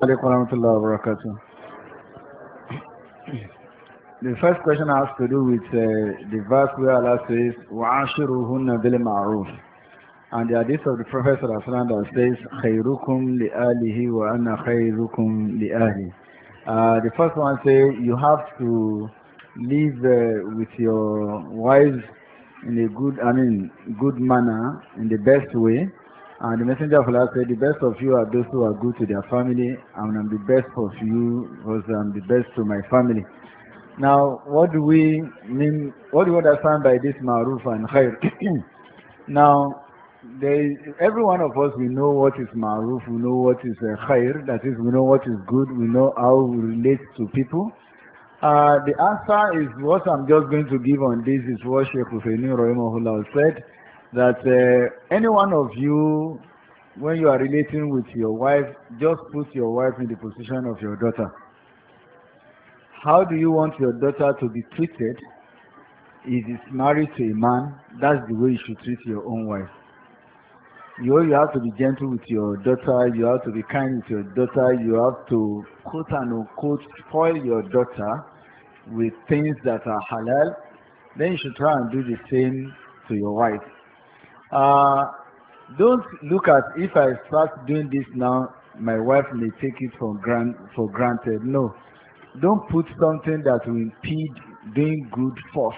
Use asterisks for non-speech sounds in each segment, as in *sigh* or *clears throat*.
The first question has to do with uh, the verse where Allah says, وَعَاشِرُهُنَّ بِالْمَعْرُوفِ And the hadith of the Prophet that says, خَيْرُكُمْ لِأَهْلِهِ وَأَنَّ خَيْرُكُمْ لِأَهْلِهِ uh, The first one says, you have to live uh, with your wives in a good, I mean, good manner, in the best way. And the messenger of Allah said, the best of you are those who are good to their family, and I'm the best of you because I'm the best to my family. Now, what do we mean, what do we understand by this ma'ruf and khair? *clears throat* now, every one of us, we know what is ma'ruf, we know what is uh, khair, that is, we know what is good, we know how we relate to people. Uh, the answer is what I'm just going to give on this is what Sheikh Hussein Rahimahullah said, that uh, any one of you, when you are relating with your wife, just put your wife in the position of your daughter. How do you want your daughter to be treated? If it's married to a man, that's the way you should treat your own wife. You, you have to be gentle with your daughter, you have to be kind with your daughter, you have to quote and unquote spoil your daughter with things that are halal, then you should try and do the same to your wife. Uh, don't look at if I start doing this now, my wife may take it for, grant, for granted. No. Don't put something that will impede doing good first.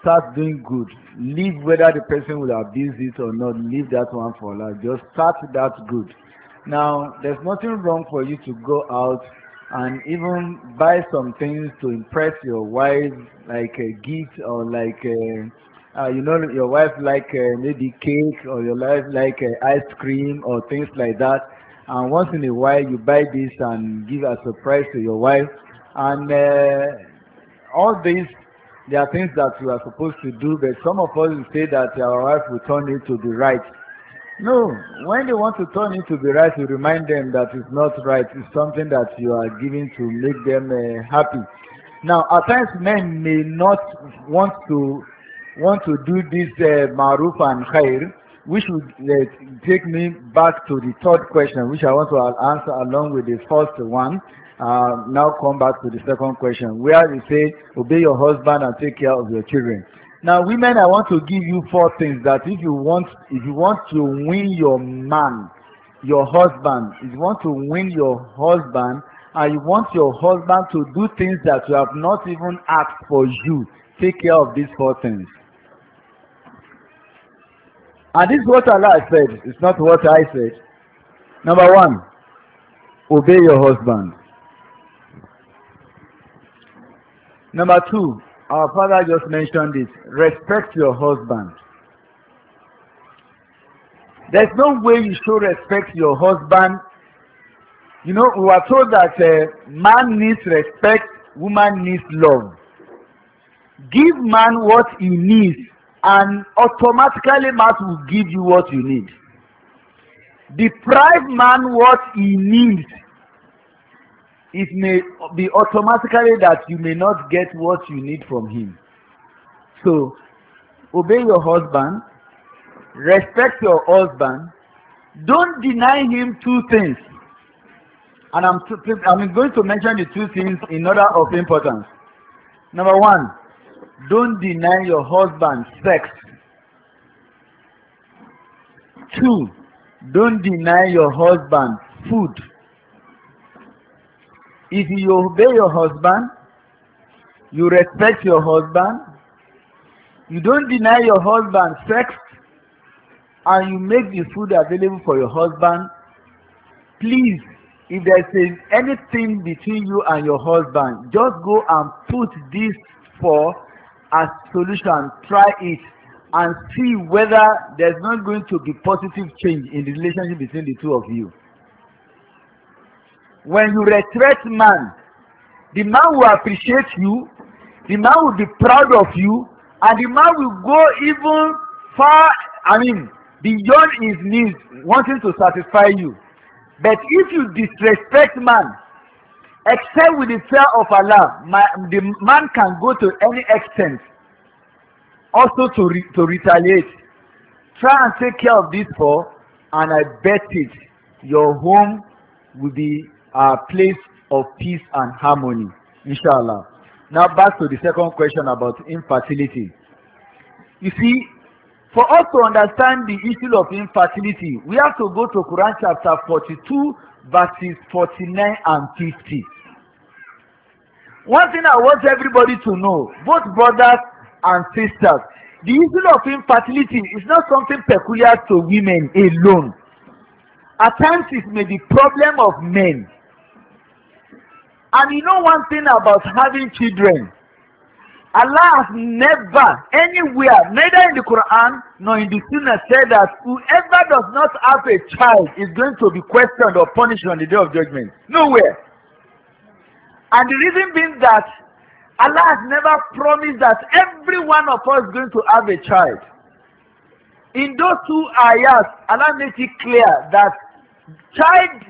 Start doing good. Leave whether the person will abuse it or not. Leave that one for life. Just start that good. Now, there's nothing wrong for you to go out and even buy some things to impress your wife, like a gift or like a uh, you know your wife like uh, maybe cake or your wife like uh, ice cream or things like that and once in a while you buy this and give a surprise to your wife and uh, all these there are things that you are supposed to do but some of us say that our wife will turn it to the right no when they want to turn it to the right you remind them that it's not right it's something that you are giving to make them uh, happy now at times men may not want to want to do this uh, maruf and khair, which would uh, take me back to the third question, which I want to answer along with the first one. Uh, now come back to the second question, where you say, obey your husband and take care of your children. Now, women, I want to give you four things that if you want, if you want to win your man, your husband, if you want to win your husband, and you want your husband to do things that you have not even asked for you, take care of these four things. And this is what Allah said. It's not what I said. Number one, obey your husband. Number two, our father just mentioned it. Respect your husband. There's no way you show respect your husband. You know, we are told that uh, man needs respect, woman needs love. Give man what he needs and automatically mass will give you what you need. Deprive man what he needs. It may be automatically that you may not get what you need from him. So, obey your husband, respect your husband, don't deny him two things. And I'm, I'm going to mention the two things in order of importance. Number one, don't deny your husband sex. Two, don't deny your husband food. If you obey your husband, you respect your husband, you don't deny your husband sex, and you make the food available for your husband, please, if there is anything between you and your husband, just go and put this for as solution try it and see whether there's not going to be positive change in the relationship between the two of you when you respect man the man will appreciate you the man will be proud of you and the man will go even far i mean beyond his needs wanting to satisfy you but if you disrespect man Except with the fear of Allah, my, the man can go to any extent also to, re, to retaliate. Try and take care of this poor, and I bet it your home will be a place of peace and harmony, inshallah. Now back to the second question about infertility. You see, for us to understand the issue of infertility, we have to go to Quran chapter forty-two, verses forty-nine and fifty. One thing I want everybody to know, both brothers and sisters, the issue of infertility is not something peculiar to women alone. At times it may be problem of men. And you know one thing about having children, Allah has never anywhere, neither in the Quran nor in the Sunnah, said that whoever does not have a child is going to be questioned or punished on the day of judgment. Nowhere. And the reason being that Allah has never promised that every one of us is going to have a child. In those two ayahs, Allah makes it clear that child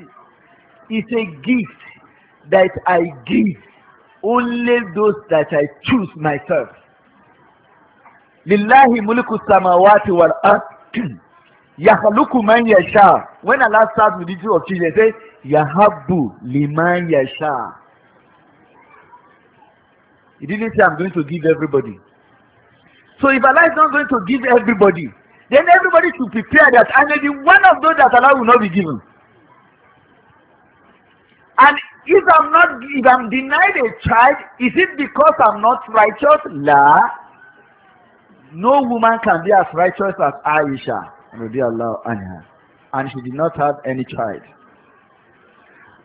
is a gift that I give only those that I choose myself. Lillahi mulku samawati wal ard. *clears throat* Yahaluku man yasha. When Allah starts with the two of children, He says, Yahabu liman yasha. He didn't say, I'm going to give everybody. So if Allah is not going to give everybody, then everybody should prepare that I may be one of those that Allah will not be given. And if I'm not, if I'm denied a child, is it because I'm not righteous? La. No woman can be as righteous as Aisha, and she did not have any child.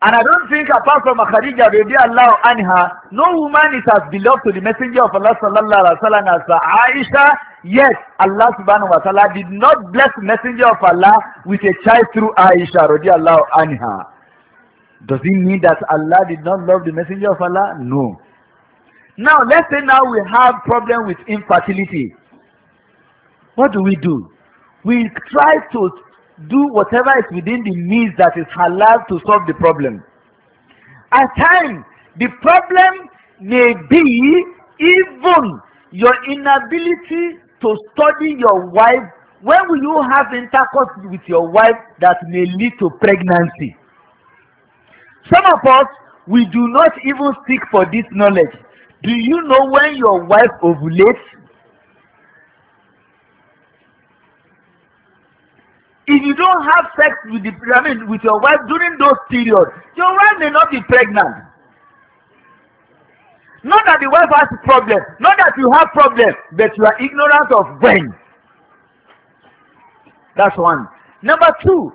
And I don't think apart from Khadija radiallahu anha, no woman is as beloved to the messenger of Allah sallallahu alaihi wasallam as Aisha. Yet Allah subhanahu wa ta'ala did not bless the messenger of Allah with a child through Aisha radiallahu anha. Does it mean that Allah did not love the messenger of Allah? No. Now let's say now we have problem with infertility. What do we do? We try to do whatever is within the means that is halal to solve the problem. At times, the problem may be even your inability to study your wife. When will you have intercourse with your wife that may lead to pregnancy? Some of us, we do not even seek for this knowledge. Do you know when your wife ovulates? if you don't have sex with the I mean with your wife during those periods your wife may not be pregnant not that the wife has problem not that you have problem but you are ignorant of when that's one number two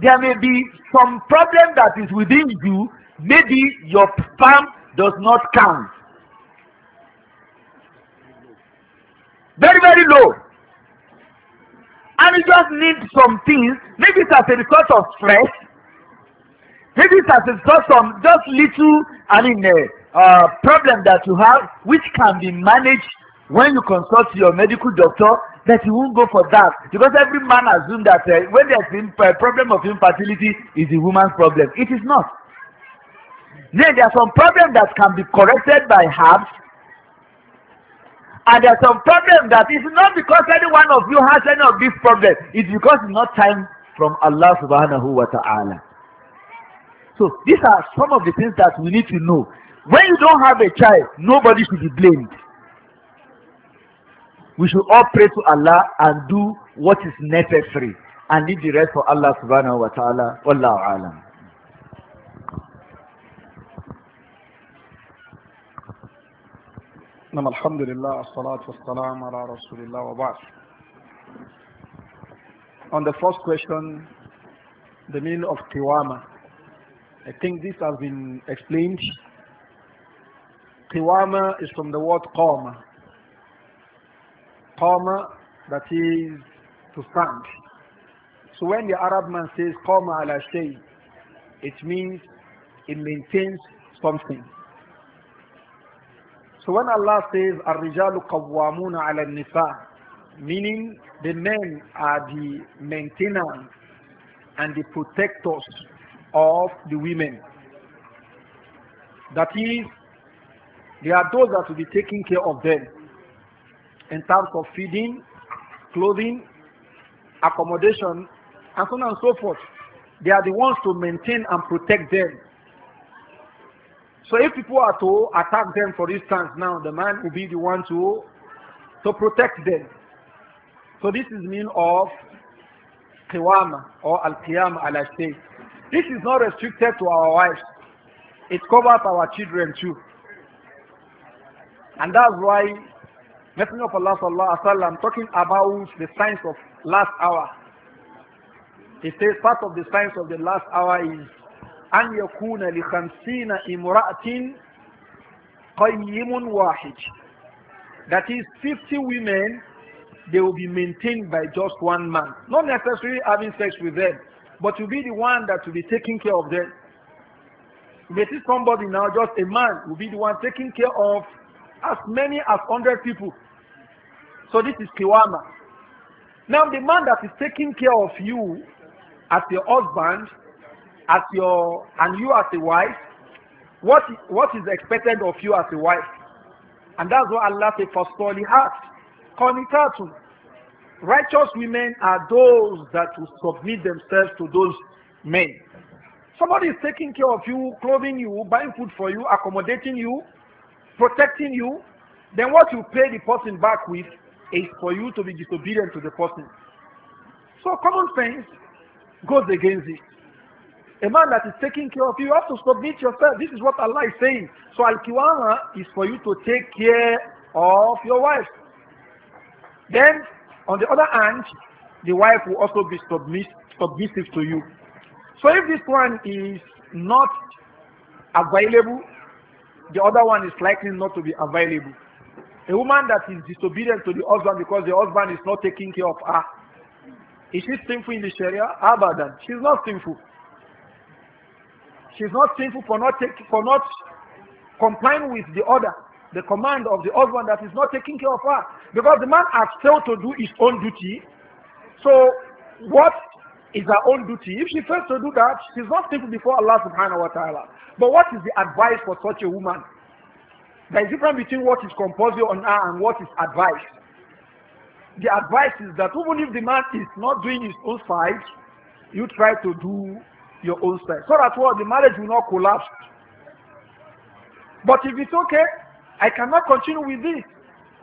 there may be some problem that is within you maybe your sperm does not count very very low And you just need some things, maybe it's as a result of stress, maybe it's as a result of just little, I mean, uh, uh, problem that you have, which can be managed when you consult your medical doctor that you won't go for that because every man assumes that uh, when there's a uh, problem of infertility is the woman's problem. It is not. Then there are some problems that can be corrected by herbs And there are some problems that is not because any one of you has any of these problems. It's because it's not time from Allah subhanahu wa ta'ala. So these are some of the things that we need to know. When you don't have a child, nobody should be blamed. We should all pray to Allah and do what is necessary and leave the rest for Allah subhanahu wa ta'ala. Wallahu alam. نعم الحمد لله الصلاة والسلام على رسول الله وبعد On the first question, the meaning of Tiwama. I think this has been explained. Tiwama is from the word Qama. Qama, that is to stand. So when the Arab man says Qama ala shay, it means it maintains something. So when Allah says, Ar-rijalu ala meaning the men are the maintainers and the protectors of the women. That is, they are those that will be taking care of them in terms of feeding, clothing, accommodation, and so on and so forth. They are the ones to maintain and protect them. So if people are to attack them, for instance, now the man will be the one to to protect them. So this is mean of qiwama or al-qiyam ala shay. This is not restricted to our wives. It covers our children too. And that's why Messenger of Allah sallallahu alaihi wasallam talking about the signs of last hour. He says part of the signs of the last hour is an yakuna li khamsina imra'atin qayyimun wahid. That is 50 women, they will be maintained by just one man. Not necessarily having sex with them, but will be the one that will be taking care of them. If they see somebody now, just a man will be the one taking care of as many as 100 people. So this is Kiwama. Now the man that is taking care of you as your husband as your and you as a wife what what is expected of you as a wife and that's what allah says for solihat qanitatu righteous women are those that will submit themselves to those men somebody is taking care of you clothing you buying food for you accommodating you protecting you then what you pay the person back with is for you to be disobedient to the person so common sense goes against it a man that is taking care of you, you have to submit yourself. This is what Allah is saying. So Al-Kiwama is for you to take care of your wife. Then, on the other hand, the wife will also be submiss submissive to you. So if this one is not available, the other one is likely not to be available. A woman that is disobedient to the husband because the husband is not taking care of her, is she sinful in the Sharia? Abadan. She's not sinful. She's not sinful for not, take, for not complying with the order, the command of the husband that is not taking care of her. Because the man has failed to do his own duty. So what is her own duty? If she fails to do that, she's not sinful before Allah subhanahu wa ta'ala. But what is the advice for such a woman? There is a difference between what is compulsory on her and what is advice. The advice is that even if the man is not doing his own side, you try to do your own side. So that what the marriage will not collapse. But if it's okay, I cannot continue with this.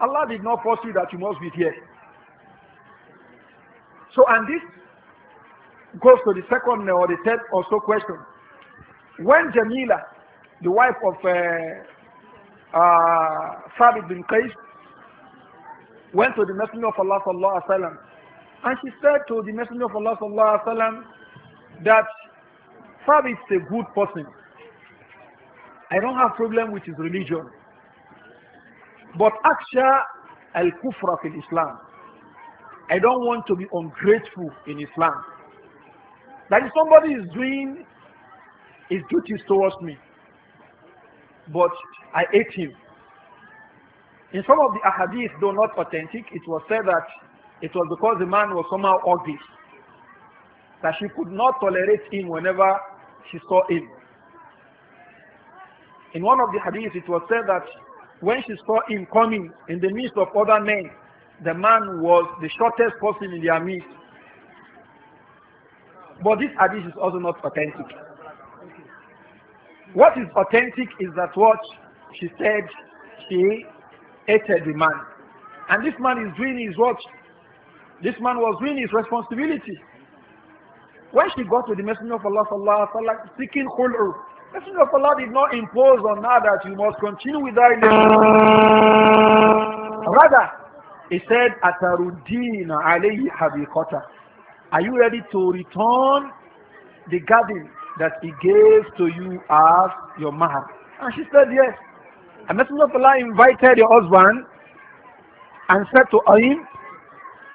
Allah did not force you that you must be here. So and this goes to the second or the third or so question. When Jamila, the wife of uh, uh, Thabit bin Qais, went to the Messenger of Allah sallallahu alaihi wasallam, and she said to the Messenger of Allah sallallahu alaihi wasallam that Sabi is a good person. I don't have problem with his religion. But aksha al-kufra in Islam. I don't want to be ungrateful in Islam. That if somebody is doing his duties towards me, but I hate him. In some of the ahadith, though not authentic, it was said that it was because the man was somehow ugly that she could not tolerate him whenever she saw him. In one of the hadiths, it was said that when she saw him coming in the midst of other men, the man was the shortest person in their midst. But this hadith is also not authentic. What is authentic is that what she said she hated the man. And this man is doing his what? This man was doing his responsibility. When she got to the Messenger of Allah sallallahu alaihi seeking khul'u, Messenger of Allah did not impose on her that you must continue with thy relationship. Rather, he said, Atarudin alayhi habiqata. Are you ready to return the garden that he gave to you as your mahar? And she said, yes. And messenger of Allah invited your husband and said to him,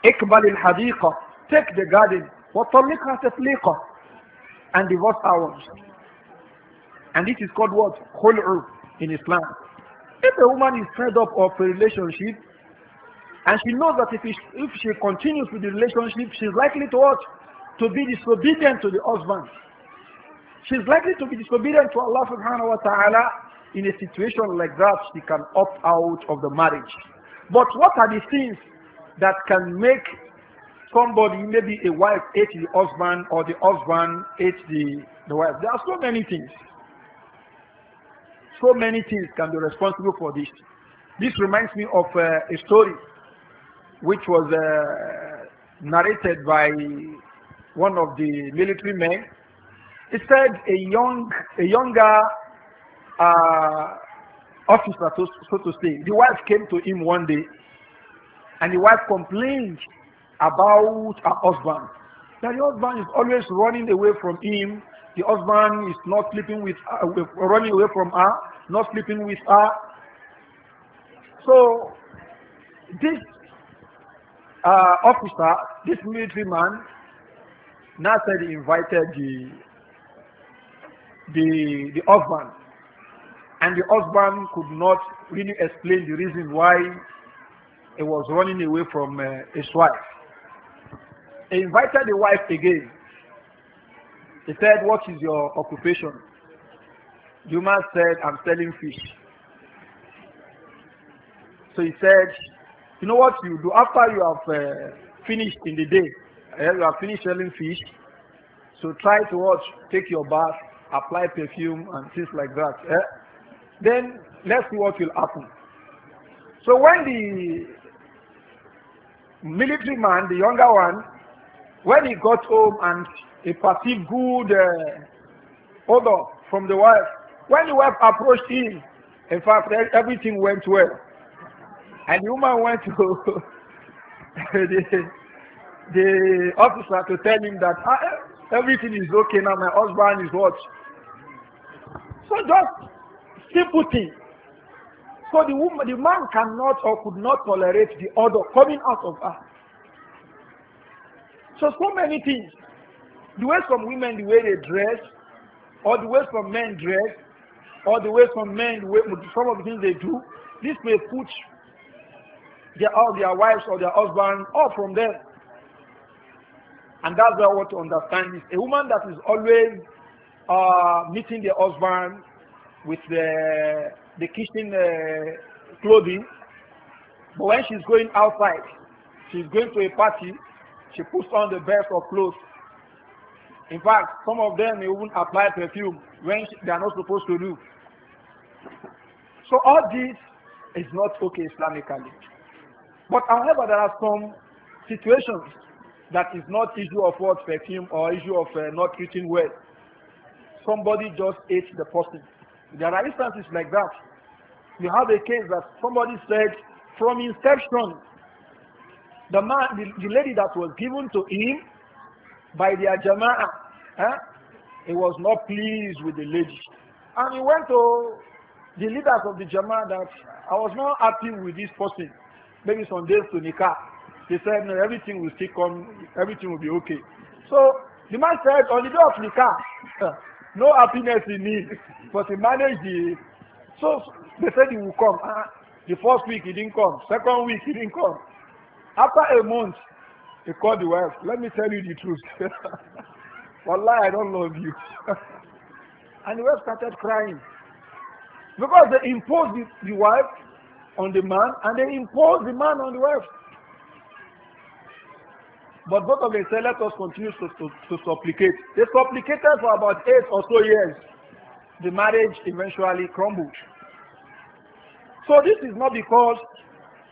Ikbal al-hadiqa, take the garden. وَطَلِّقْهَا تَطْلِيقًا And divorce her And this is called what? Khul'u in Islam. If a woman is fed up of a relationship, and she knows that if, she, if she continues with the relationship, she is likely to what? To be disobedient to the husband. She is likely to be disobedient to Allah subhanahu wa ta'ala. In a situation like that, she can opt out of the marriage. But what are the things that can make somebody, maybe a wife ate the husband or the husband ate the, the wife. There are so many things. So many things can be responsible for this. This reminds me of uh, a story which was uh, narrated by one of the military men. He said a young, a younger uh, officer, so, so to say, the wife came to him one day and the wife complained about her husband. That the husband is always running away from him. The husband is not sleeping with her, running away from her, not sleeping with her. So this uh, officer, this military man, now said he invited the, the, the husband. And the husband could not really explain the reason why he was running away from uh, his wife. He invited the wife again. He said, What is your occupation? Juma said, I'm selling fish. So he said, You know what you do? After you have uh, finished in the day, uh, you have finished selling fish, so try to watch, take your bath, apply perfume, and things like that. Eh? Then let's see what will happen. So when the military man, the younger one, When he got home and he perceived good uh, odor from the wife, when the wife approached him, in fact, e, everything went well. And the woman went to *laughs* the, the officer to tell him that ah, eh, everything is okay now, my husband is what? So just simple thing. So the woman, the man cannot or could not tolerate the odor coming out of her. So, so many things. The way some women, the way they dress, or the way some men dress, or the way some men, the way, some of the things they do, this may put their, all their wives or their husbands off from them. And that's I want to understand is a woman that is always uh, meeting the husband with the, the kitchen uh, clothing, but when she's going outside, she's going to a party, she puts on the best of clothes. In fact, some of them even apply perfume when they are not supposed to do. So all this is not okay Islamically. But however, there are some situations that is not issue of what perfume or issue of uh, not eating well. Somebody just ate the person. There are instances like that. You have a case that somebody said, from inception, The, man, the, the lady that was given to him by the Jama'a, eh? he was not pleased with the lady. And he went to the leaders of the Jama'a that I was not happy with this person. Maybe some days to Nikah. They said, no, everything will still come, everything will be okay. So the man said, on the day of Nikah, eh, no happiness in me, but he managed the. So they said he will come. Uh, the first week he didn't come, second week he didn't come. After a month, he called the wife. Let me tell you the truth. *laughs* Wallahi, I don't love you. *laughs* and the wife started crying. Because they imposed the, the wife on the man and they imposed the man on the wife. But both of them said, let us continue to, to, to supplicate. They supplicated for about eight or so years. The marriage eventually crumbled. So this is not because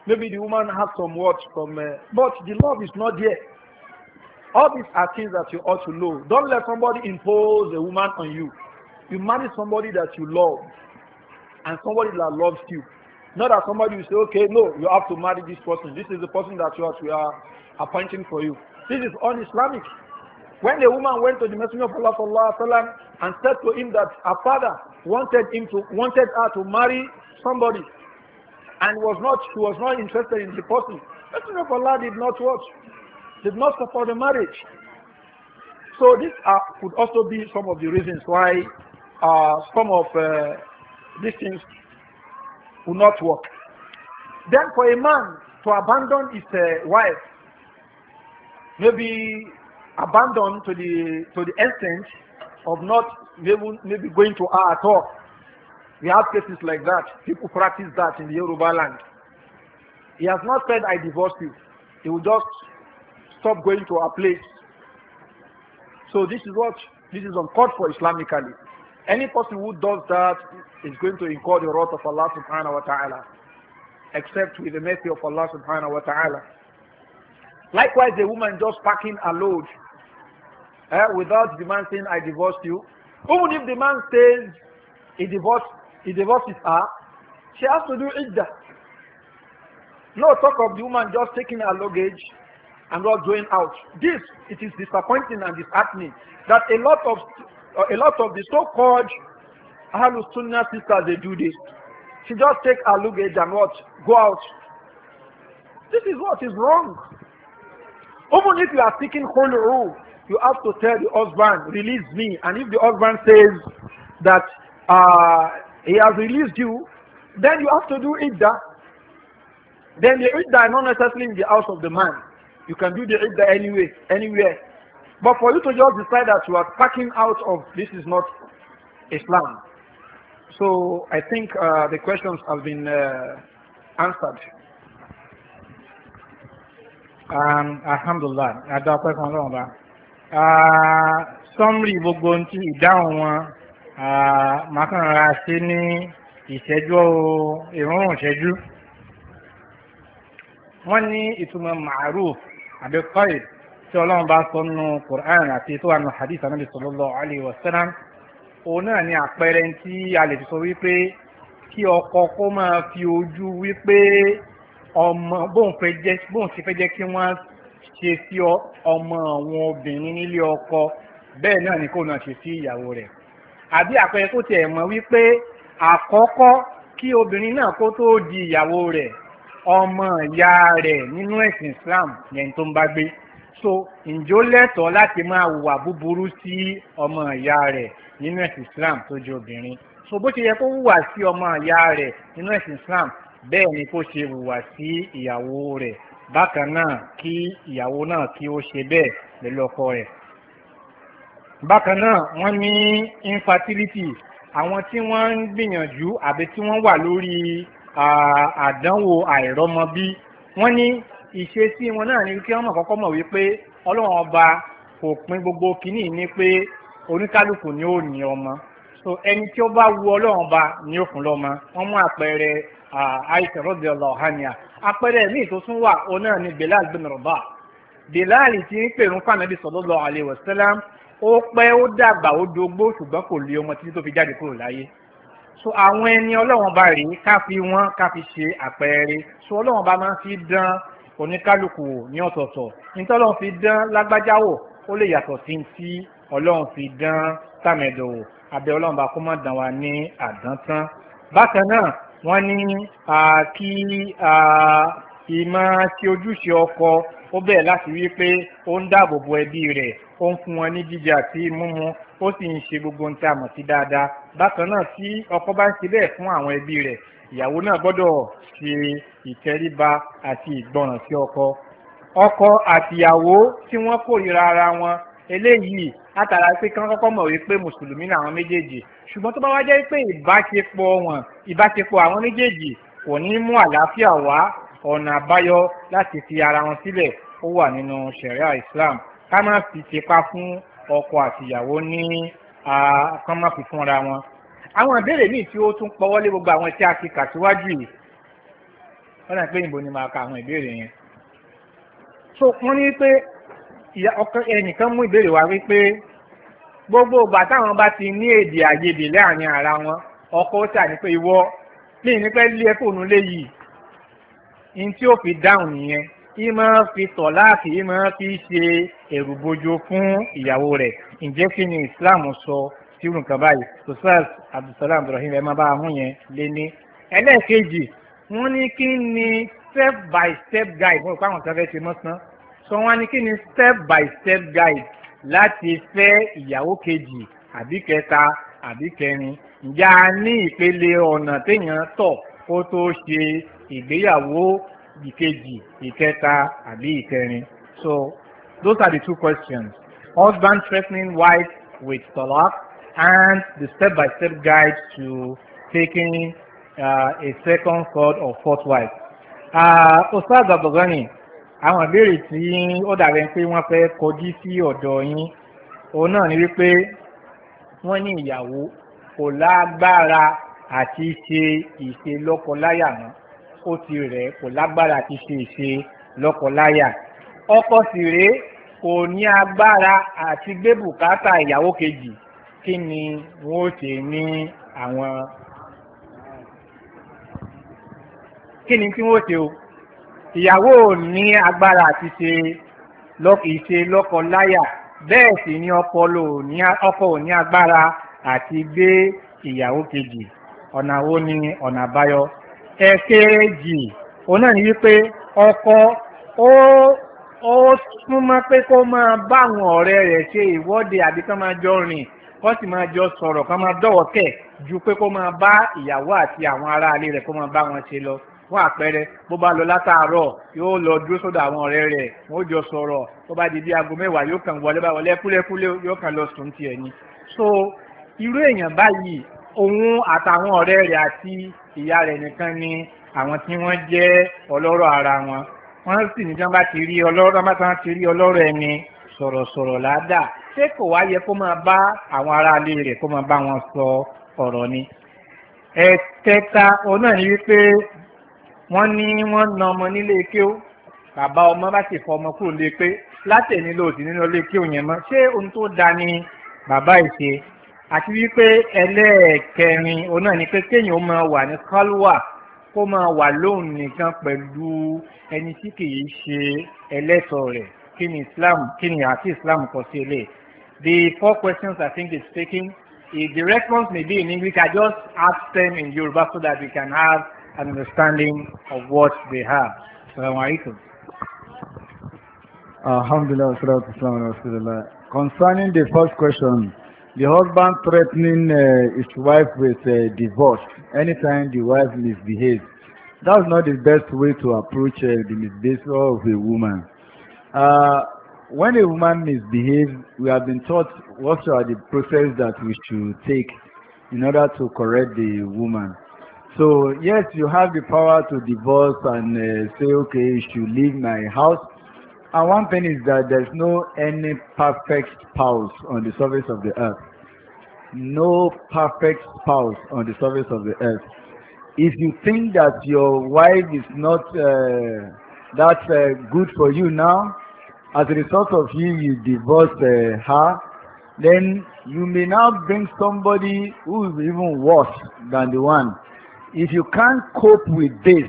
Maybe the woman has some words from, uh, but the love is not there. All these are things that you ought to know. Don't let somebody impose a woman on you. You marry somebody that you love and somebody that loves you. Not that somebody will say, okay, no, you have to marry this person. This is the person that you are, we are appointing for you. This is un-Islamic. When the woman went to the Messenger of Allah sallallahu sallam, and said to him that her father wanted him to wanted her to marry somebody, and was not, she was not interested in the person. Messenger of Allah did not watch, Did not support the marriage. So this are, uh, could also be some of the reasons why uh, some of uh, these things would not work. Then for a man to abandon his uh, wife, maybe abandon to the to the extent of not maybe, maybe going to her at all. We have cases like that. People practice that in the Yoruba land. He has not said, I divorce you. He will just stop going to our place. So this is what, this is uncalled for Islamically. Any person who does that is going to incur the wrath of Allah subhanahu wa ta'ala, except with the mercy of Allah subhanahu wa ta'ala. Likewise, a woman just packing a load eh, without the man saying, I divorced you. Even if the man says he divorced he divorces her, she has to do idda. No talk of the woman just taking her luggage and not going out. This, it is disappointing and disheartening that a lot of, a lot of the so-called Ahlul sisters, they do this. She just take her luggage and what? Go out. This is what is wrong. Even if you are seeking khulu'u, you have to tell the husband, release me. And if the husband says that uh, he has released you, then you have to do iddah. Then the iddah not necessarily in the house of the man. You can do the iddah anyway, anywhere. But for you to just decide that you are packing out of this is not Islam. So I think uh, the questions have been uh, answered. Um, alhamdulillah, adapẹ́ kan lọ́wọ́ bá. Uh, Sọ́mrì gbogbo ti ìdáhùn wọn màá kàn ra sí ní ìṣẹ́jú ìrúnrún ìṣẹ́jú wọ́n ní ìtumọ̀ ma'ruf àbí qaid tí ọlọ́run bá sọ nínú Qur'an àti tó wà nínú hadith anabi sallallahu alayhi wa sallam òun náà ni àpẹẹrẹ tí a lè sọ wípé kí ọkọ kó máa fi ojú wípé ọmọ bóun fẹ́ jẹ́ bóun ti fẹ́ jẹ́ kí wọ́n ṣe sí ọmọ àwọn obìnrin nílé ọkọ bẹ́ẹ̀ náà ni kóun náà ṣe sí ìyàwó rẹ̀ àbí àpẹẹrẹ kó tiẹ̀ mọ̀ wípé àkọ́kọ́ kí obìnrin náà kó tó di ìyàwó rẹ̀ ọmọ ìyá rẹ̀ nínú ẹ̀sìn Islam yẹn tó ń bá gbé so ǹjọ́ lẹ́tọ̀ọ́ láti máa hùwà búburú sí ọmọ ìyá rẹ̀ nínú ẹ̀sìn Islam tó jẹ́ obìnrin so bó ṣe yẹ kó hùwà sí ọmọ ìyá rẹ̀ nínú ẹ̀sìn Islam bẹ́ẹ̀ ni kó ṣe hùwà sí ìyàwó rẹ̀ bákan náà kí ìyàwó náà kí ó ṣe bẹ́ẹ̀ pẹ̀lú rẹ̀ bákan náà wọ́n ní infertility àwọn tí wọ́n ń gbìyànjú àbí tí wọ́n wà lórí àdánwò àìrọ́mọbí wọ́n ní ìṣesí wọn náà ni kí wọ́n mọ̀ kọ́kọ́ mọ̀ wípé ọlọ́run ọba kò pín gbogbo kínní ní pé oníkálukú ni ó ní ọmọ so ẹni tí ó bá wu ọlọ́run ọba ni ó fún lọ́mọ wọ́n mú àpẹẹrẹ àìsàn rọ́bì ọlọ́hánìyà àpẹẹrẹ míì tó tún wà òun náà ni Bilal bin Rabah Bilal ti ń pèrún fún Ànábì sallallahu alaihi wasallam ó pẹ́ ó dàgbà ó dogbó ṣùgbọ́n kò lè ọmọ títí tó fi jáde kúrò láyé so àwọn ẹni ọlọ́wọ́n bá rèé ká fi wọ́n ká fi ṣe àpẹẹrẹ so ọlọ́wọ́n bá máa fi dán oníkálukú ní ọ̀tọ̀ọ̀tọ̀ nítorí ọlọ́wọ́n fi dán lágbájá wò ó lè yàtọ̀ sí ti ọlọ́wọ́n fi dán tàmẹ̀dọ̀ wò abẹ́ ọlọ́wọ́n bá kó má dán wa ní àdántán bákan náà wọ́n ní kí ìmọ̀ ti ojúṣe ọkọ ó bẹ̀rẹ̀ láti wí pé ó ń dáàbò bo ẹbí rẹ̀ ó ń fún wọn ní jíjẹ àti mímu ó sì ń ṣe gbogbo ohun tí a mọ̀ sí dáadáa bákan náà tí ọkọ bá ń ṣe bẹ́ẹ̀ fún àwọn ẹbí rẹ̀ ìyàwó náà gbọ́dọ̀ ṣe ìtẹríba àti ìgbọràn sí ọkọ ọkọ àtìyàwó tí wọ́n kórìíra ara wọn eléyìí látara pé kí wọ́n kọ́kọ́ mọ̀ wípé mùsùlùmí làwọn méjèèjì ṣùgbọ́n tó bá wá jẹ́ pé ìbáṣepọ̀ wọn ìbáṣepọ̀ àwọn méjèèjì kò ní mú àlàáfíà wá ọ̀nà àbáyọ láti fi ara wọn sílẹ̀ ó wà nínú ṣẹ̀ríà Islam ká má fi tipa fún ọkọ àtìyàwó ní ká má fi fúnra wọn. àwọn ìbéèrè míì tí ó tún pọwọ́lé gbogbo àwọn tí a ti kà síwájú yìí wọ́n náà pé ìbò ni màá ka àwọn ìbéèrè yẹn. so wọ́n ní pé ẹnìkan mú ìbéèrè wá wípé gbogbo ìgbà táwọn bá ti ní èdè àìyedè láàrin ara wọn ọkọ ó ní pé ìwọ mi ní pẹ́ lé ẹ̀kọ́ òun lé ní tí ó fi dáhùn nìyẹn yìí máa fi tọ̀láàkì yìí máa fi ṣe ẹ̀rù bojo fún ìyàwó rẹ̀ ǹjẹ́ kí ni Islam sọ sírù nǹkan báyìí Ustaz Abdulsalam Ibrahim ẹ̀ máa bá a mú yẹn lé ní. ẹlẹ́ẹ̀kejì wọ́n ní kí ni step by step guide mo rò pé àwọn kan fẹ́ ṣe mọ́sán sọ wọ́n ní kí ni step by step guide láti fẹ́ ìyàwó kejì àbí kẹta àbí kẹrin ǹjẹ́ a ní ìpele ọ̀nà téèyàn tọ̀ kó tó ṣe ìgbéyàwó ìkejì ìkẹta àbí ìkẹrin so those are the two questions husband threatening wife with talaq and the step by step guide to taking uh, a second third or fourth wife. Uh, Ustaz Abdulghani àwọn ìbéèrè tí ó dàbẹ̀ pé wọ́n fẹ́ kọjú sí ọ̀dọ̀ yín òun náà ni wípé wọ́n ní ìyàwó kò lágbára àti ṣe ìṣelọ́kọláyà mọ́ ó ti rẹ̀ kò lágbára àti ṣe ìṣe lọ́kọláya ọkọ sì rèé kò ní agbára àti gbé bùkátà ìyàwó kejì kí ni kí ni tí o ìyàwó ò ní agbára àti ṣe ìṣe bẹ́ẹ̀ sì ni ọkọ ò ní agbára àti gbé ìyàwó kejì ọ̀nà ni ọ̀nà àbáyọ ẹ̀kẹ́rẹ́jì òun náà ni wípé ọkọ ó ó súnmọ́ pé kó máa bá àwọn ọ̀rẹ́ rẹ̀ ṣe ìwọ́de àbí kán máa jọ rìn kó sì máa jọ sọ̀rọ̀ kán máa dọ̀wọ́ tẹ̀ ju pé kó máa bá ìyàwó àti àwọn aráalé rẹ̀ kó máa bá wọn ṣe lọ fún àpẹẹrẹ bó bá lọ látàárọ̀ yóò lọ dúró sọ́dọ̀ àwọn ọ̀rẹ́ rẹ̀ wọn ó jọ sọ̀rọ̀ tó bá di bí aago mẹ́wàá yóò kàn wọlé bá wọlé kúlẹ̀kúlẹ̀ yóò kàn lọ sùn tiẹ̀ ni. so irú èèyàn báyìí òun àtàwọn ọ̀rẹ́ rẹ̀ àti ìyá rẹ̀ nìkan ni àwọn tí wọ́n jẹ́ ọlọ́rọ̀ ara wọn wọ́n sì ní tí wọ́n bá ti rí ọlọ́rọ̀ bá ti rí ọlọ́rọ̀ ẹni sọ̀rọ̀sọ̀rọ̀ ládàá ṣé kò wá yẹ kó máa bá àwọn aráalé rẹ̀ kó máa bá wọn sọ ọ̀rọ̀ ni. ẹ̀kẹta òun náà ni wípé wọ́n ní wọ́n na ọmọ nílé kéw bàbá ọmọ bá sì fọ ọmọ kúrò lé pé látẹ̀ni lòdì nínú ilé kéw yẹn mọ́ ṣé ohun tó da ni bàbá ìṣe àti wípé ẹlẹ́ẹ̀kẹrin òun náà ni pé kéèyàn ó máa wà ní kálúwà kó máa wà lóhùn nìkan pẹ̀lú ẹni tí kìí ṣe ẹlẹ́tọ̀ọ́ rẹ̀ kí ni Islam kí ni àti Islam kọ sí ilé. The four questions I think is taking if the response may be in English I just ask them in Yoruba so that we can have an understanding of what they have. Assalamu alaikum. Alhamdulillah, Concerning the first question. The husband threatening uh, his wife with a divorce anytime the wife misbehaves. That's not the best way to approach uh, the misbehavior of a woman. Uh, when a woman misbehaves, we have been taught what are the process that we should take in order to correct the woman. So yes, you have the power to divorce and uh, say, okay, you should leave my house and one thing is that there's no any perfect spouse on the surface of the earth. No perfect spouse on the surface of the earth. If you think that your wife is not uh, that uh, good for you now, as a result of you, you divorce uh, her, then you may now bring somebody who is even worse than the one. If you can't cope with this,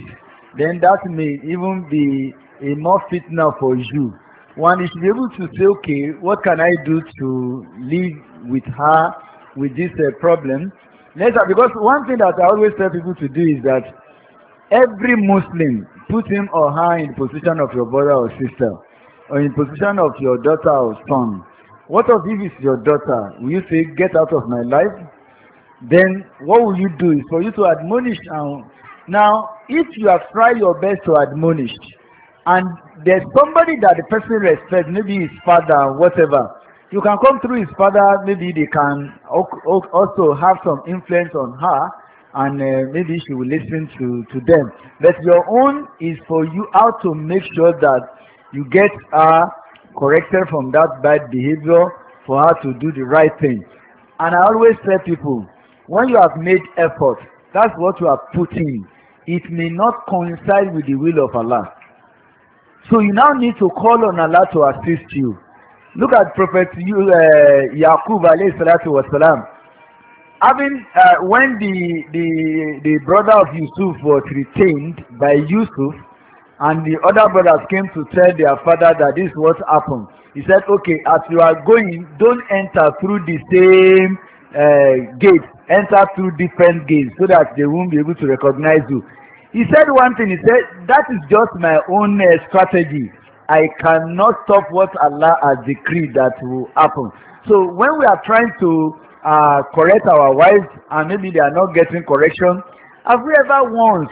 then that may even be a more fitna for you. One is to be able to say, okay, what can I do to live with her with this uh, problem? Later, uh, because one thing that I always tell people to do is that every Muslim put him or her in position of your brother or sister, or in position of your daughter or son. What if if it's your daughter? Will you say, get out of my life? Then what will you do is for you to admonish. Now, now if you have tried your best to admonish, and there's somebody that the person respects, maybe his father, whatever. You can come through his father, maybe they can also have some influence on her, and uh, maybe she will listen to, to them. But your own is for you how to make sure that you get her corrected from that bad behavior for her to do the right thing. And I always tell people, when you have made effort, that's what you are putting. It may not coincide with the will of Allah. So you now need to call on Allah to assist you. Look at Prophet uh, Yaqub alayhi salatu wasalam. Having, uh, when the, the, the brother of Yusuf was retained by Yusuf, and the other brothers came to tell their father that this is what happened. He said, okay, as you are going, don't enter through the same uh, gate. Enter through different gates so that they won't be able to recognize you. He said one thing, he said, that is just my own uh, strategy. I cannot stop what Allah has decreed that will happen. So when we are trying to uh, correct our wives and maybe they are not getting correction, have we ever once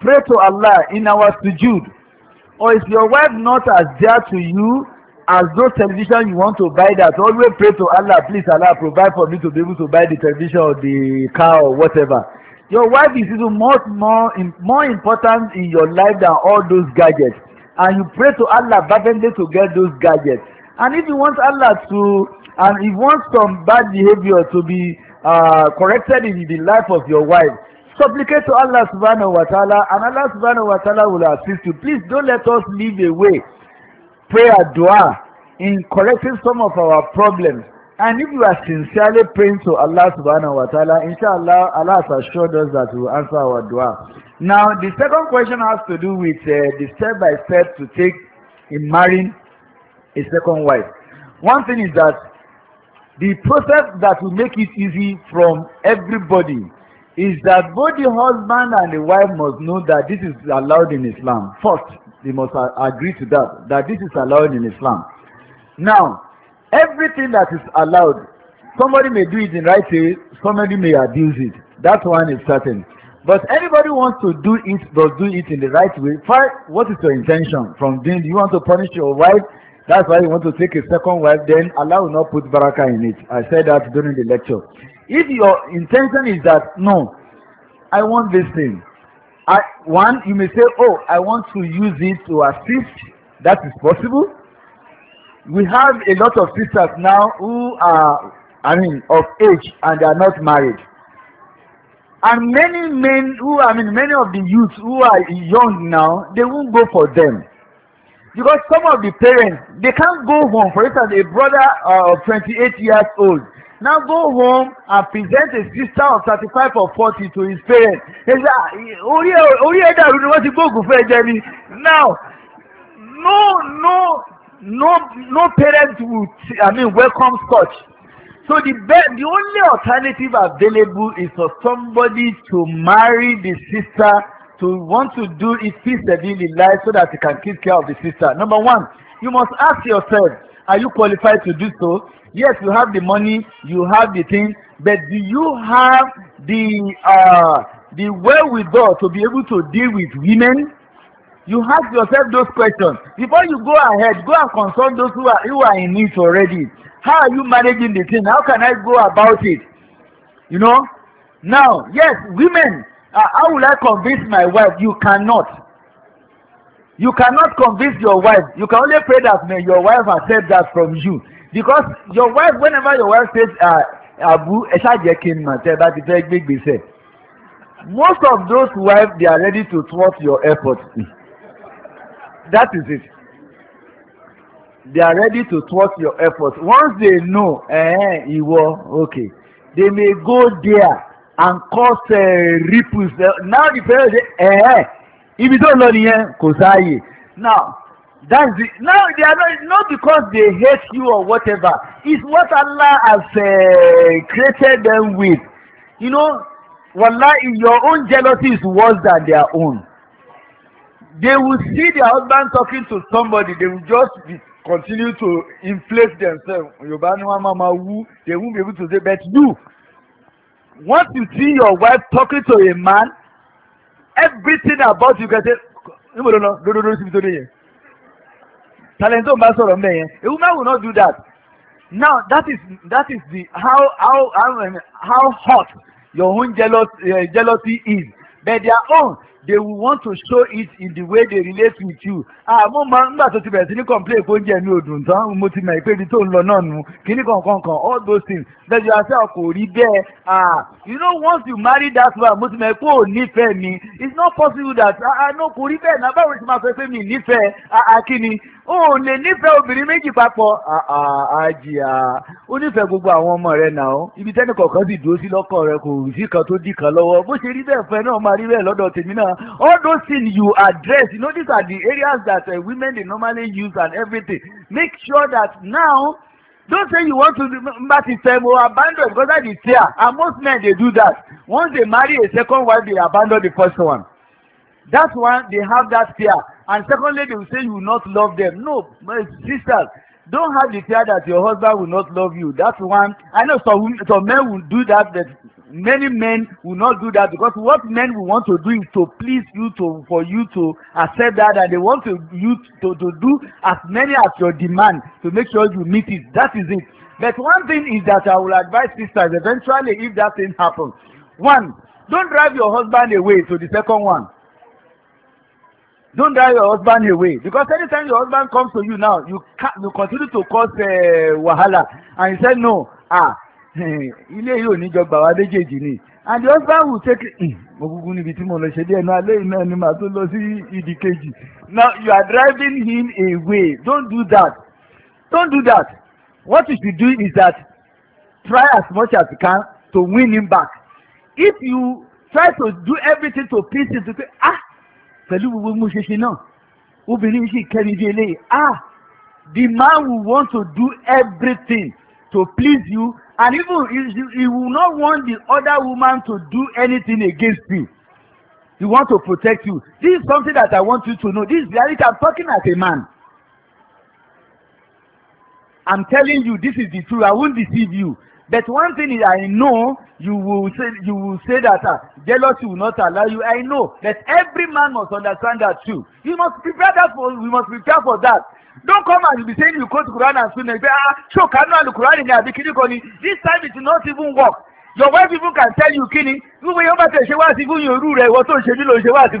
prayed to Allah in our sujood? Or is your wife not as dear to you as those television you want to buy that always pray to Allah, please Allah provide for me to be able to buy the television or the car or whatever. Your wife is even much more, more important in your life than all those gadgets. And you pray to Allah fervently to get those gadgets. And if you want Allah to, and if you want some bad behavior to be uh, corrected in the life of your wife, supplicate to Allah subhanahu wa ta'ala, and Allah subhanahu wa ta'ala will assist you. Please don't let us live away prayer, dua, in correcting some of our problems. And if you are sincerely praying to Allah subhanahu wa ta'ala, inshallah, Allah has assured us that He will answer our dua. Now, the second question has to do with uh, the step by step to take in marrying a second wife. One thing is that the process that will make it easy from everybody is that both the husband and the wife must know that this is allowed in Islam. First, they must agree to that, that this is allowed in Islam. Now, Everything that is allowed, somebody may do it in right way, somebody may abuse it. That one is certain. But anybody wants to do it, but do it in the right way. First, what is your intention from doing? You want to punish your wife? That's why you want to take a second wife, then Allah will not put baraka in it. I said that during the lecture. If your intention is that, no, I want this thing. I, one, you may say, oh, I want to use it to assist. That is possible we have a lot of sisters now who are I mean of age and they are not married and many men who I mean many of the youths who are young now they won't go for them because some of the parents they can't go home for instance a brother uh, of twenty-eight years old now go home and present a sister of thirty-five or forty to his parents he say ah, orí ẹ orí ẹ dàrú ti gbóògùn fún jẹ mi now no no no no parent would I mean welcome such. So the best, the only alternative available is for somebody to marry the sister to want to do it peaceably in life so that he can take care of the sister. Number one, you must ask yourself, are you qualified to do so? Yes, you have the money, you have the thing, but do you have the uh, the wherewithal to be able to deal with women? you ask yourself those questions before you go ahead go and consult those who are who are in need already how are you managing the thing how can I go about it you know now yes women uh, how will I convince my wife you cannot you cannot convince your wife you can only pray that may your wife accept that from you because your wife whenever your wife says uh, abu ẹ ṣáà jẹ́ kí n mọ̀ tẹ́ ẹ bá most of those wives they are ready to thwart your efforts that is it they are ready to thwart your effort once they know eh, you iwọ okay they may go there and cause uh, ripples now the parents say eh, ibi tó lọ nìyẹn kò sáàyè now that's the now they are not not because they hate you or whatever it's what Allah has uh, created them with you know wallahi your own jealousy is worse than their own they will see their husband talking to somebody they will just be continue to inflate themselves yorùbá ni wọn máa ma wú they won't be able to say but you once you see your wife talking to a man everything about you can say níbo ló lọ lódodo síbi tó dé yẹn talento bá sọ̀rọ̀ mbẹ yẹn a woman will not do that now that is that is the how how how, how hot your own jealous, uh, jealousy is but their own they will want to show it in the way they relate with you àmọ́ máa ń gbà tó ti bẹ̀rẹ̀ sí ní complain pé oúnjẹ mi ò dùn tán mo ti mọ̀ pé ibi tó ń lọ náà nù kíní kankan kan all those things lẹ́jọ́ àṣẹ kò rí bẹ́ẹ̀ ah you know once you marry that man mo ti mọ̀ pé ò nífẹ̀ẹ́ mi it's not possible that ah no kò rí bẹ́ẹ̀ náà báwo ni ti máa sọ pé mi nífẹ̀ẹ́ ah kíni o ò lè nífẹ̀ẹ́ obìnrin méjì papọ̀ ah àjìyà ó nífẹ̀ẹ́ gbogbo àwọn ọmọ rẹ̀ náà ibi tẹ́nì kọ̀ọ̀kan sì dúró sí lọ́kọ̀ rẹ̀ kò sí kan tó dì kan lọ́wọ́ bó ṣe rí bẹ́ẹ̀ fún ẹ náà máa rí bẹ́ẹ̀ lọ́dọ̀ tèmi náà all those things you address you know these are the areas that that uh, women dey normally use and everything make sure that now don't say you want to remember the time or abandon because that is fear and most men dey do that once they marry a second wife they abandon the first one that one they have that fear and secondly they will say you will not love them no my sisters don't have the fear that your husband will not love you that one i know some some men will do that but many men will not do that because what men will want to do is to please you to for you to accept that and they want to you to to do as many as your demand to make sure you meet it that is it but one thing is that I will advise sisters eventually if that thing happens one don't drive your husband away to the second one don't drive your husband away because anytime your husband comes to you now you can you continue to cause uh, wahala and he say no ah *laughs* ilé yìí ò ní jọ gbàwá méjèèjì ni and the husband will take hmm, mo gúgú níbi tí mo lọ ṣe díẹ̀ náà alẹ́ yìí ni màá tó lọ sí ìdí kejì now you are driving him away don't do that don't do that what you should do is that try as much as you can to win him back if you try to do everything to please him to say ah pẹ̀lú gbogbo mo ṣe ṣe náà obìnrin sì kẹ́rin bí eléyìí ah the man will want to do everything to please you And even he will not want the other woman to do anything against you. He want to protect you. This is something that I want you to know. This is reality. I'm talking as a man. I'm telling you, this is the truth. I won't deceive you. But one thing is, I know you will say you will say that uh, jealousy will not allow you. I know that every man must understand that too. You must prepare that for. We must prepare for that don't come and be saying you quote Quran and Sunnah pé ah ṣó kánú the Quran in kíní kan ni this time it not even work your wife even can tell you Kini, you yóò bá tẹ̀ ṣe wá sí your yorù rẹ̀ ìwọ tó ṣe nílò ṣe wá sí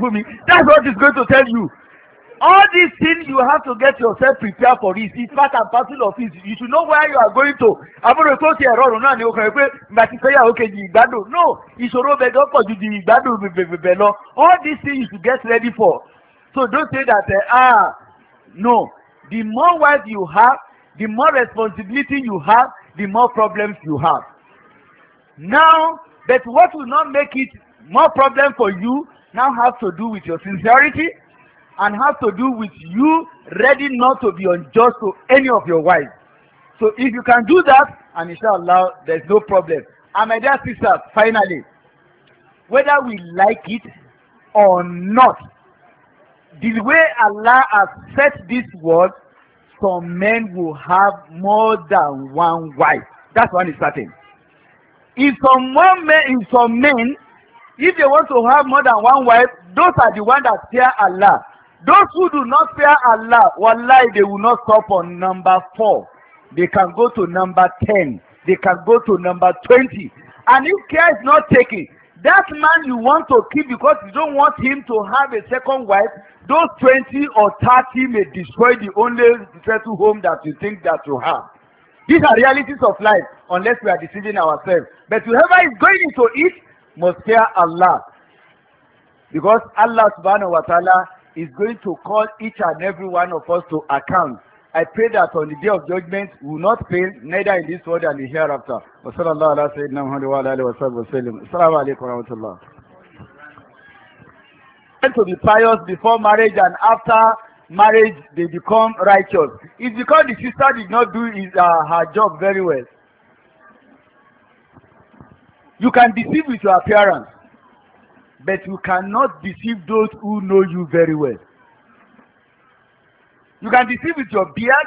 that's what he's going to tell you all these things you have to get yourself prepared for it it's part and parcel of it you should know where you are going to àbúrò tó ti ẹ̀rọ ọ̀run náà ni o kàn pé ìgbà tí fẹ́yàwó kejì ìgbádùn no ìṣòro bẹ̀gẹ́ pọ̀ ju di ìgbádùn bẹ̀bẹ̀bẹ̀ lọ all these things you should get ready for so don't say that eh, ah no The more wives you have, the more responsibility you have, the more problems you have. Now, but what will not make it more problem for you now has to do with your sincerity and has to do with you ready not to be unjust to any of your wives. So if you can do that, and inshallah, is no problem. And my dear sisters, finally, whether we like it or not, the way Allah has set this world some men will have more than one wife. That one is certain. If some men, if some men, if they want to have more than one wife, those are the ones that fear Allah. Those who do not fear Allah, wallahi, they will not stop on number four. They can go to number ten. They can go to number twenty. And if care is not taken, that man you want to keep because you don't want him to have a second wife, those twenty or thirty may destroy the only settled home that you think that you have. These are realities of life unless we are deceiving ourselves. But whoever is going into it must fear Allah. Because Allah subhanahu wa ta'ala is going to call each and every one of us to account. I pray that on the day of judgment we will not fail neither in this world and the hereafter. Wa sallallahu alaihi wa sallam. Assalamu alaikum wa rahmatullah to be pious before marriage and after marriage they become righteous. It's because the sister did not do his, uh, her job very well. You can deceive with your appearance, but you cannot deceive those who know you very well. You can deceive with your beard,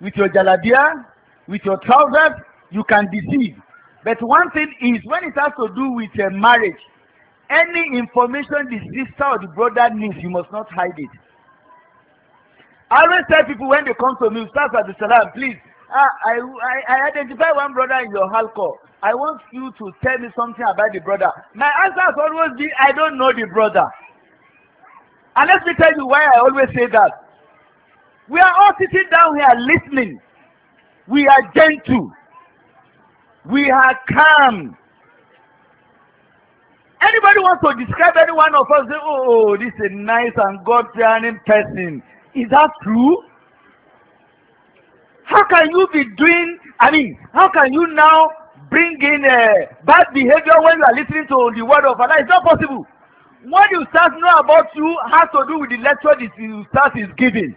with your jalabia, with your trousers. You can deceive. But one thing is when it has to do with a uh, marriage, Any information the sister or the brother needs, you must not hide it. I always tell people when they come to me, the Abdulsalam, please, ah, I, I, I identify one brother in your halqa. I want you to tell me something about the brother. My answer has always been, I don't know the brother. And let me tell you why I always say that. We are all sitting down here listening. We are gentle. We are calm. Anybody wants to describe any one of us, say, oh, oh, this is a nice and God-fearing person. Is that true? How can you be doing, I mean, how can you now bring in uh, bad behavior when you are listening to the word of Allah? It's not possible. What you start know about you has to do with the lecture that you start is giving.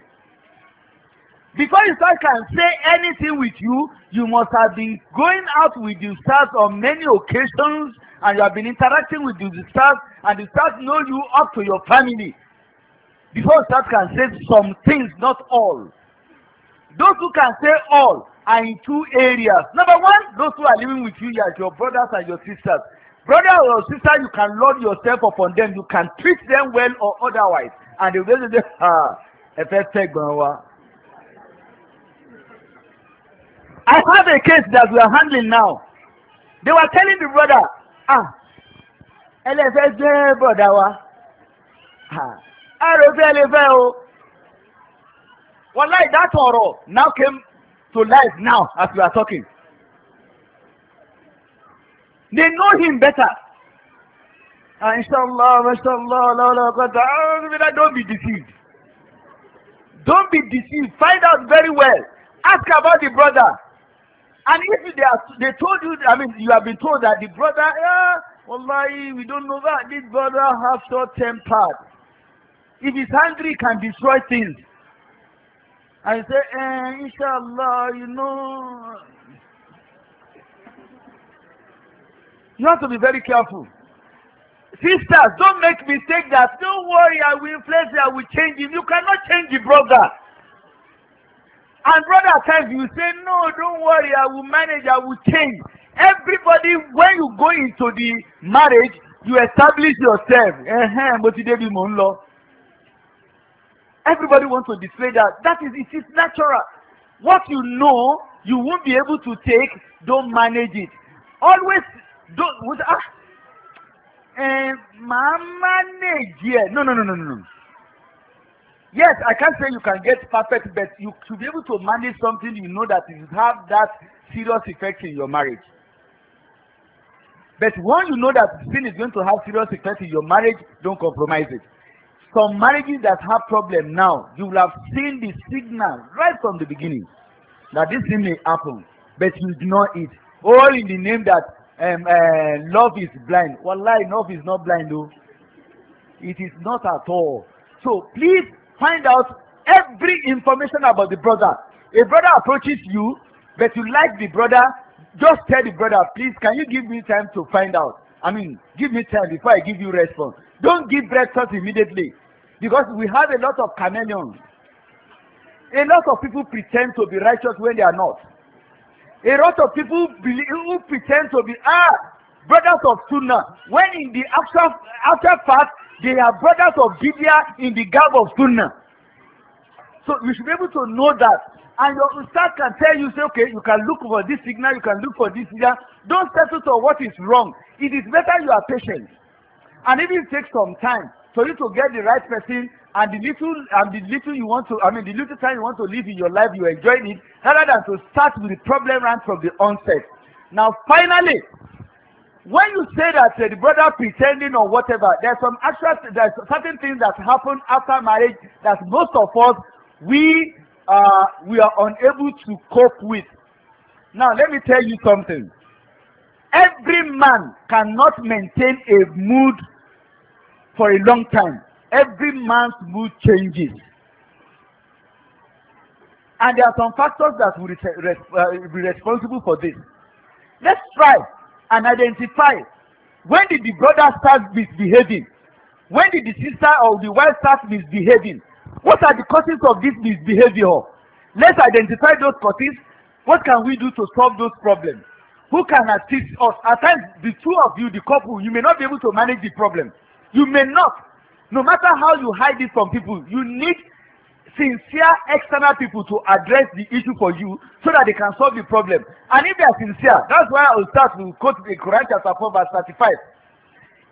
Before you start can say anything with you, you must have been going out with you start on many occasions and you have been interacting with the staff and the staff know you up to your family before staff can say some things not all those who can say all are in two areas number one those who are living with you as your brothers and your sisters brother or sister you can love yourself upon them you can treat them well or otherwise and the way they ah ẹ fẹ́ I have a case that we are handling now. They were telling the brother ẹlẹ́fẹ́ jẹ́ bọ̀dá wa ẹ̀rọ bí ẹlẹ́fẹ́ o wallahi that ọ̀rọ̀ now came to life now as we are talking they know him better and ah, inshallah mashallah lawla kota don't be deceived don't be deceived find out very well ask about the brother And if they, are, they told you, I mean, you have been told that the brother, yeah, Wallahi, we don't know that. This brother has short tempered. If he's hungry, he can destroy things. I say, eh, inshallah, you know. You have to be very careful. Sisters, don't make mistake that, don't worry, I will influence I will change him. You cannot change the brother. And brother, at times you say, No, don't worry, I will manage, I will change. Everybody, when you go into the marriage, you establish yourself. Uh-huh, mo ti dé bí Everybody wants to display that. That is, it is natural. What you know, you won't be able to take, don't manage it. Always don't. Ah, uh, màá manage ẹ̀. No, no, no, no, no. Yes, I can't say you can get perfect, but you should be able to manage something you know that it have that serious effect in your marriage. But when you know that sin is going to have serious effect in your marriage, don't compromise it. Some marriages that have problem now, you will have seen the signal right from the beginning that this thing may happen, but you ignore it. All in the name that um, uh, love is blind. Wallahi, love is not blind though. It is not at all. So please find out every information about the brother. A brother approaches you, but you like the brother, just tell the brother, please, can you give me time to find out? I mean, give me time before I give you response. Don't give breakfast immediately because we have a lot of chameleons. A lot of people pretend to be righteous when they are not. A lot of people believe, who pretend to be ah brothers of Sunnah when in the actual after fact They are brothers of Bidia in the garb of Sunnah. So you should be able to know that. And your ustad can tell you, say, okay, you can look for this signal, you can look for this signal. Don't settle for what is wrong. It is better you are patient. And if it takes some time for you to get the right person and the little and the little you want to, I mean, the little time you want to live in your life, you enjoy it, rather than to start with the problem right from the onset. Now, finally, when you say that uh, the brother pretending or whatever, there's some actual, there's certain things that happen after marriage that most of us we uh, we are unable to cope with. Now let me tell you something. Every man cannot maintain a mood for a long time. Every man's mood changes. And there are some factors that will be uh, responsible for this. Let's try and identify when did the brother start misbehaving when did the sister or the wife start misbehaving what are the causes of this misbehavior let's identify those causes what can we do to solve those problems who can assist us at times the two of you the couple you may not be able to manage the problem you may not no matter how you hide it from people you need sincere external people to address the issue for you so that they can solve the problem. And if they are sincere, that's why I will start to quote the Quran chapter 4 verse 35.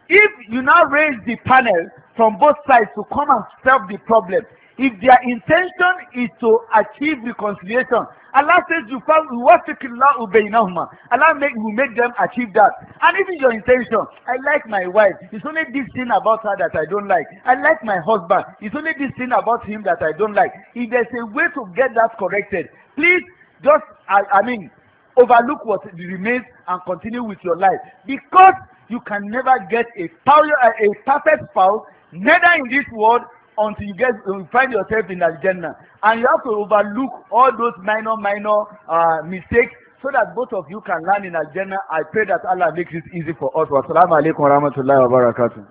If you now raise the panel from both sides to come and solve the problem, if their intention is to achieve reconciliation Allah says you found wafikila ubeinahuma Allah make we make them achieve that and if it's your intention I like my wife it's only this thing about her that I don't like I like my husband it's only this thing about him that I don't like if there's a way to get that corrected please just I, I mean overlook what remains and continue with your life because you can never get a, power, a perfect power neither in this world until you get you find yourself in al and you have to overlook all those minor minor uh, mistakes so that both of you can learn in al I pray that Allah makes this easy for us wasalaamu alaykum wa rahmatulahi wa barakatuh.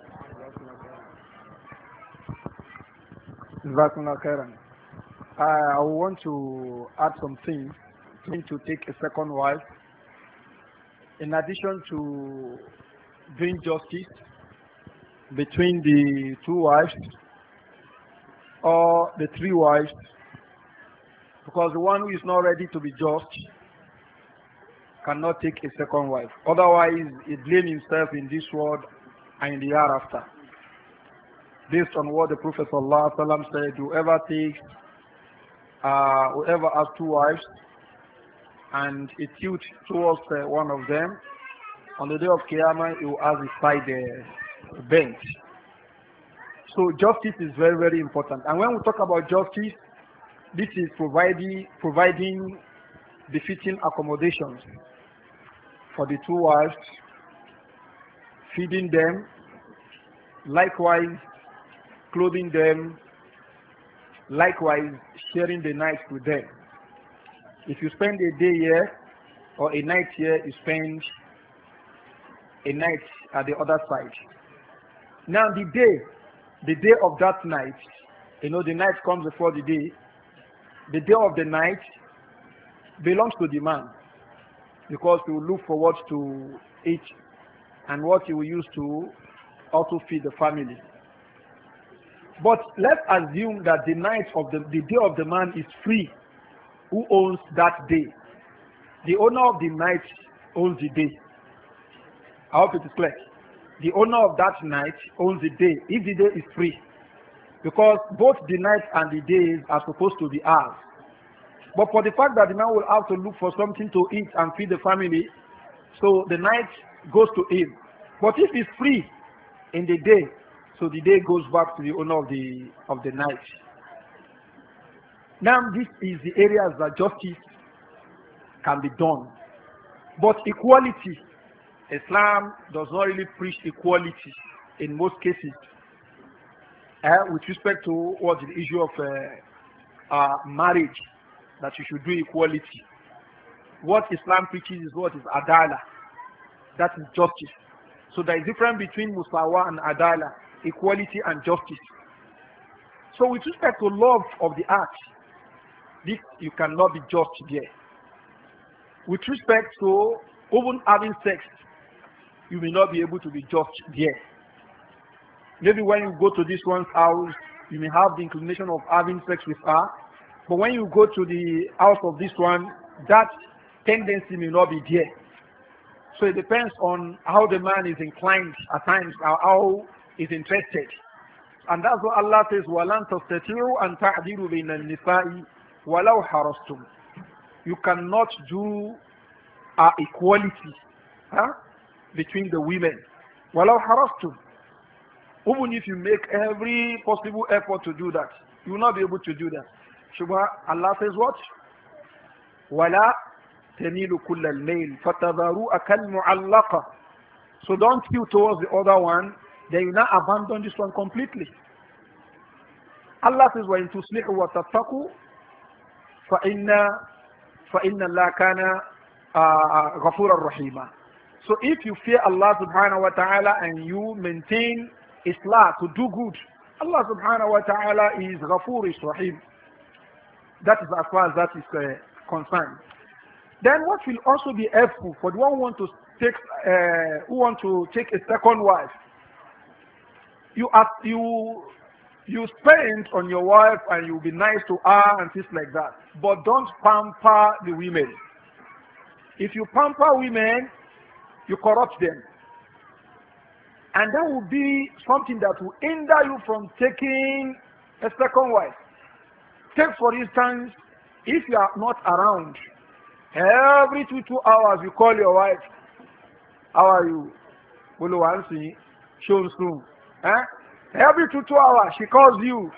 I want to add some things to take a second wife in addition to doing justice between the two wives or the three wives because the one who is not ready to be just cannot take a second wife. Otherwise, he blames himself in this world and in the hereafter. Based on what the Prophet ﷺ said, whoever takes, uh, whoever has two wives and he tilts towards uh, one of them, on the day of Qiyamah, he will have his side uh, bent. So justice is very, very important. And when we talk about justice, this is providing, providing befitting accommodations for the two wives, feeding them, likewise clothing them, likewise sharing the night with them. If you spend a day here or a night here, you spend a night at the other side. Now the day the day of that night, you know, the night comes before the day, the day of the night belongs to the man because he will look forward to it and what he will use to also feed the family. But let's assume that the night of the, the day of the man is free. Who owns that day? The owner of the night owns the day. I hope it is clear the owner of that night owns the day if the day is free because both the night and the days are supposed to be ours but for the fact that the man will have to look for something to eat and feed the family so the night goes to him but if he's free in the day so the day goes back to the owner of the of the night now this is the areas that justice can be done but equality Islam does not really preach equality in most cases uh, with respect to what the issue of uh, uh, marriage, that you should do equality. What Islam preaches is what is adala, that is justice. So there is difference between musawa and adala, equality and justice. So with respect to love of the act, this you cannot be just there. With respect to even having sex, you may not be able to be judged there. Maybe when you go to this one's house, you may have the inclination of having sex with her. But when you go to the house of this one, that tendency may not be there. So it depends on how the man is inclined at times, or how is interested. And that's what Allah says, وَلَن تَسْتَتِعُوا أَن تَعْدِلُوا بَيْنَ النِّسَاءِ وَلَوْ حَرَصْتُمْ You cannot do uh, equality. Huh? between the women. Walau haraftum. Even if you make every possible effort to do that, you will not be able to do that. Shubha, Allah says what? Wala tamilu kulla al-mail akal kal So don't kill towards the other one, then you now abandon this one completely. Allah says wa in tuslihu wa tattaqu fa inna fa inna Allah kana uh, uh, al rahima. So if you fear Allah subhanahu wa ta'ala and you maintain Islam to do good, Allah subhanahu wa ta'ala is Ghafur is Rahim. That is as far as that is uh, concerned. Then what will also be helpful for the one who want to take, uh, who want to take a second wife, you, you, you spend on your wife and you be nice to her and things like that. But don't pamper the women. If you pamper women, you corrupt them. And that will be something that will hinder you from taking a second wife. Take, for instance, if you are not around, every two, two hours you call your wife, How are you? Bolowansi, shows soon. Eh? Every two, two hours she calls you.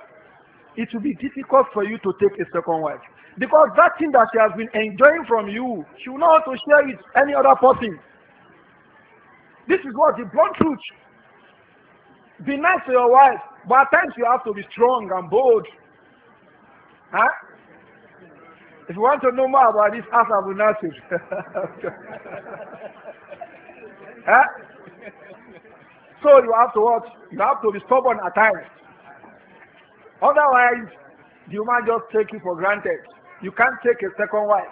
It will be difficult for you to take a second wife. Because that thing that she has been enjoying from you, she will not want to share with any other person. This is what the blunt truth. Be nice to your wife, but at times you have to be strong and bold. Huh? If you want to know more about this, ask Abu Nasir. *laughs* huh? So you have to what? You have to be stubborn at times. Otherwise, the woman just take you for granted. You can't take a second wife.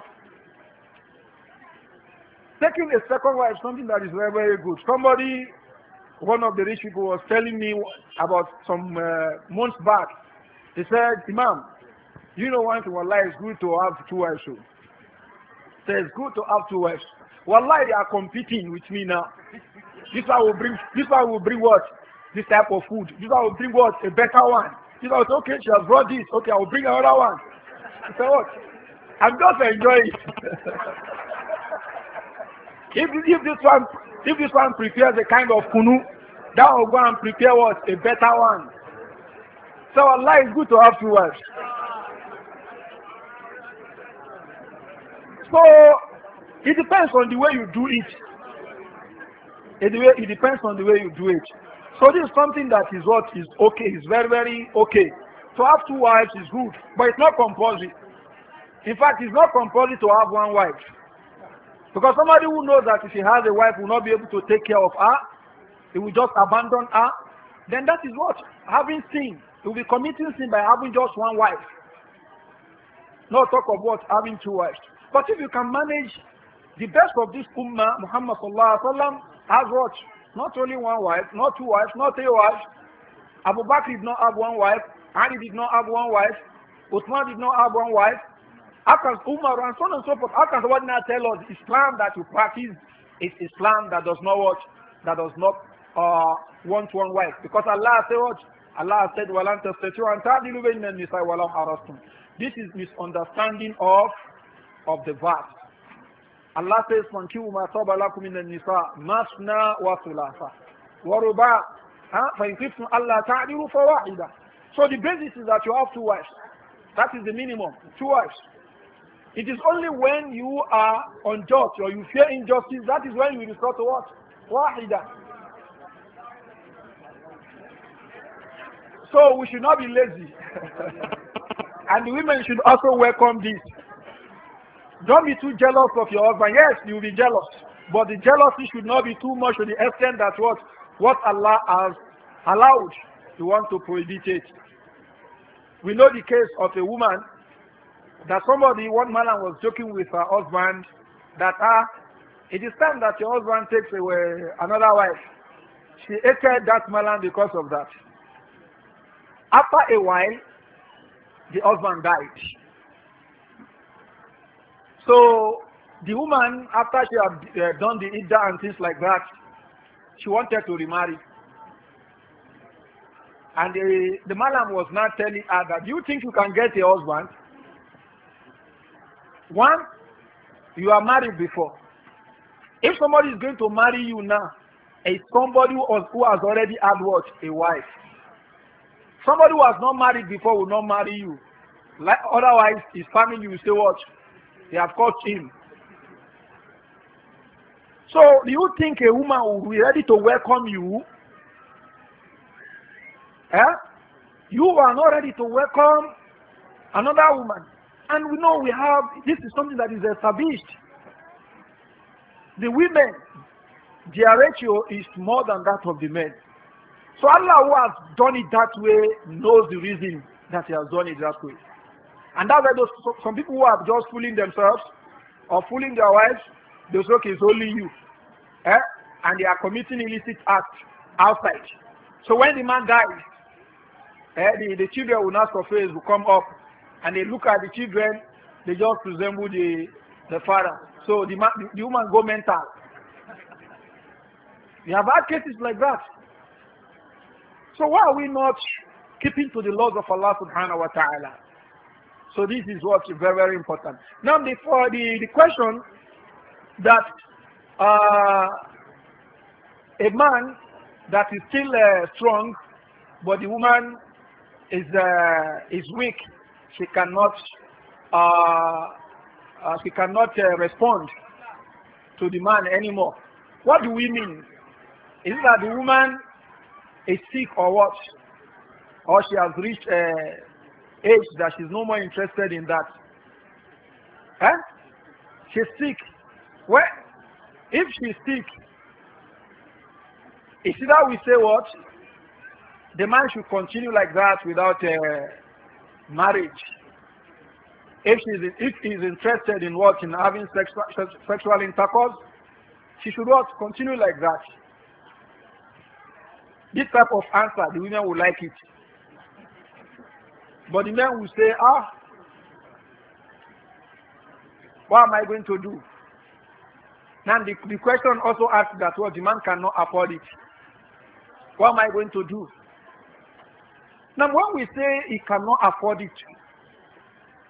Taking a second wife, something that is very, very good. Somebody, one of the rich people was telling me about some uh, months back. He said, Imam, you know one thing, Wallah, it's good to have two wives. So. Oh? Says, good to have two wives. Wallah, they are competing with me now. This one will bring, this one will bring what? This type of food. This one will bring what? A better one. This one say, okay, she has brought this. Okay, I will bring another one. He said, what? I'm just enjoying it. *laughs* If, if this one if this one prepares a kind of kunu, that will go and prepare us a better one. So Allah is good to have two wives. So it depends on the way you do it. It, it depends on the way you do it. So this is something that is what is okay, is very, very okay. To have two wives is good, but it's not compulsory. In fact, it's not compulsory to have one wife. Because somebody who knows that if he has a wife will not be able to take care of her, he will just abandon her, then that is what? Having sin. He will be committing sin by having just one wife. No talk of what? Having two wives. But if you can manage the best of this ummah, Muhammad sallallahu alaihi wasallam has what? Not only one wife, not two wives, not three wives. Abu Bakr did not have one wife. Ali did not have one wife. Uthman did not have one wife. How can Umar and so on and so forth? How can the someone now tell us Islam that you practice is Islam that does not watch, that does not uh, want one wife? Because Allah said Allah said, وَلَنْ تَسْتَتِعُوا أَنْ تَعْدِلُوا بَيْنَ النِّسَاءِ وَلَوْ حَرَصْتُمْ This is misunderstanding of, of the verse. Allah says, فَانْكِهُ مَا طَبَ لَكُمْ مِنَ النِّسَاءِ مَثْنَا وَثُلَاثَ وَرُبَاعَ فَإِنْ خِفْتُمْ أَلَّا تَعْدِلُوا فَوَاحِدَةً So the basis is that you have two wives. That is the minimum, two wives. It is only when you are unjust or you fear injustice that is when you resort to what? Wahida. So we should not be lazy. *laughs* and the women should also welcome this. Don't be too jealous of your husband. Yes, you will be jealous. But the jealousy should not be too much to the extent that what, what Allah has allowed, you want to prohibit it. We know the case of a woman that somebody, one man was joking with her husband that ah, it is time that your husband takes away another wife. She hated that man because of that. After a while, the husband died. So the woman, after she had uh, done the ida and things like that, she wanted to remarry. And the, the malam was not telling her that, you think you can get a husband? One, you are married before. If somebody is going to marry you now, it's somebody who has already had what? A wife. Somebody who has not married before will not marry you. Like, otherwise, his family will say what? They have caught him. So, do you think a woman will be ready to welcome you? Eh? You are not ready to welcome another woman. And we know we have, this is something that is established. The women, their ratio is more than that of the men. So Allah who has done it that way knows the reason that he has done it that way. And that's why those, some people who are just fooling themselves or fooling their wives, they say, okay, it's only you. Eh? And they are committing illicit acts outside. So when the man dies, eh, the, the children will ask for face will come up and they look at the children, they just resemble the, the father. So the, the woman go mental. We have had cases like that. So why are we not keeping to the laws of Allah subhanahu wa ta'ala? So this is what is very, very important. Now before the, the question that uh, a man that is still uh, strong, but the woman is, uh, is weak, she cannot uh, uh, she cannot uh, respond to the man anymore. What do we mean? Is it that the woman is sick or what? Or she has reached uh, age that she's no more interested in that? Huh? Eh? She's sick. Well, if she's sick, it's either we say what? The man should continue like that without uh, marriage. If she is, if is interested in what in having sexual, sexual intercourse, she should what continue like that. This type of answer, the women will like it. But the men will say, ah, what am I going to do? Now the, the question also asks that what well, the man cannot afford it. What am I going to do? Now, when we say he cannot afford it,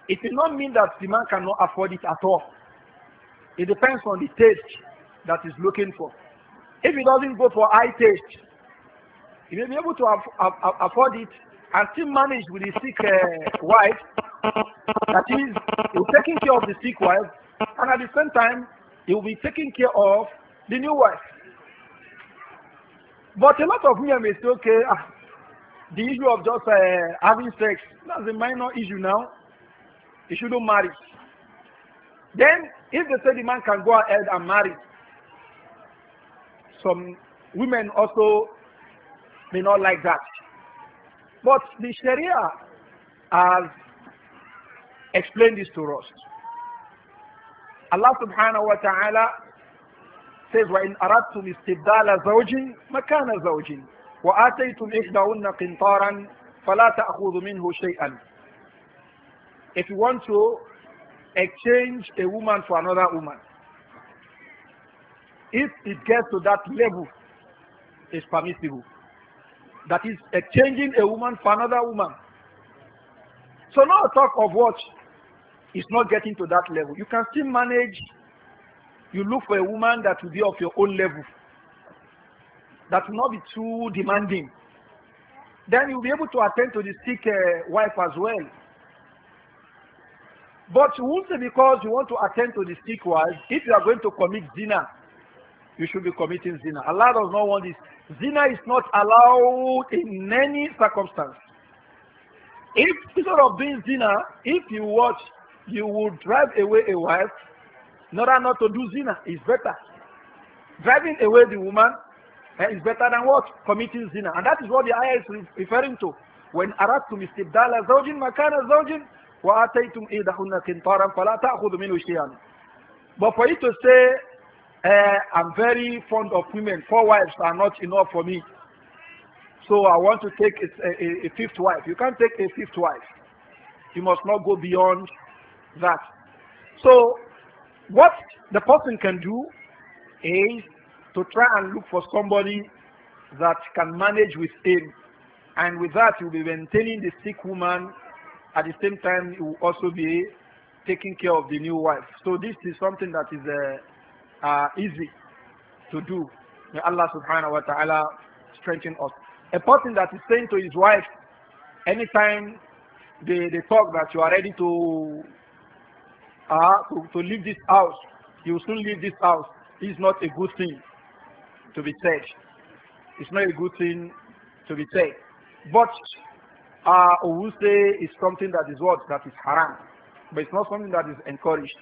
it does not mean that the man cannot afford it at all. It depends on the taste that he's looking for. If he doesn't go for high taste, he may be able to afford it and still manage with his sick uh, wife. That is, he'll taking care of the sick wife, and at the same time, he will be taking care of the new wife. But a lot of men may say, okay, ah, the issue of just uh, having sex, that's a minor issue now. He shouldn't marry. Then, if they say the man can go ahead and marry, some women also may not like that. But the Sharia has explained this to us. Allah subhanahu wa ta'ala says, وَإِنْ أَرَدْتُمْ إِسْتِبْدَالَ زَوْجٍ مَكَانَ زَوْجٍ وآتيتم إحداهن قنطارا فلا منه شيئا If you want to exchange a woman for another woman, if it gets to that level, it's permissible. That is exchanging a woman for another woman. So now talk of what is not getting to that level. You can still manage. You look for a woman that will be of your own level that will not be too demanding. Then you'll be able to attend to the sick uh, wife as well. But you won't say because you want to attend to the sick wife, if you are going to commit zina, you should be committing zina. Allah does not want this. Zina is not allowed in any circumstance. If instead of doing zina, if you watch, you would drive away a wife, not not to do zina, is better. Driving away the woman Eh, is better than what? Committing zina. And that is what the ayah is referring to. When أردتم istibdala زوج مكان زوج وآتيتم إيدهن قنطارا فلا تأخذوا منه شيئا. But for you to say, uh, I'm very fond of women, four wives are not enough for me. So I want to take a, a, a fifth wife. You can't take a fifth wife. You must not go beyond that. So what the person can do is to try and look for somebody that can manage with him. And with that, he will be maintaining the sick woman. At the same time, he will also be taking care of the new wife. So this is something that is uh, uh, easy to do. May Allah subhanahu wa ta'ala strengthen us. A person that is saying to his wife, anytime they, they talk that you are ready to, uh, to, to leave this house, you will soon leave this house, is not a good thing to be said. It's not a good thing to be said. But uh, we say is something that is what? That is haram. But it's not something that is encouraged.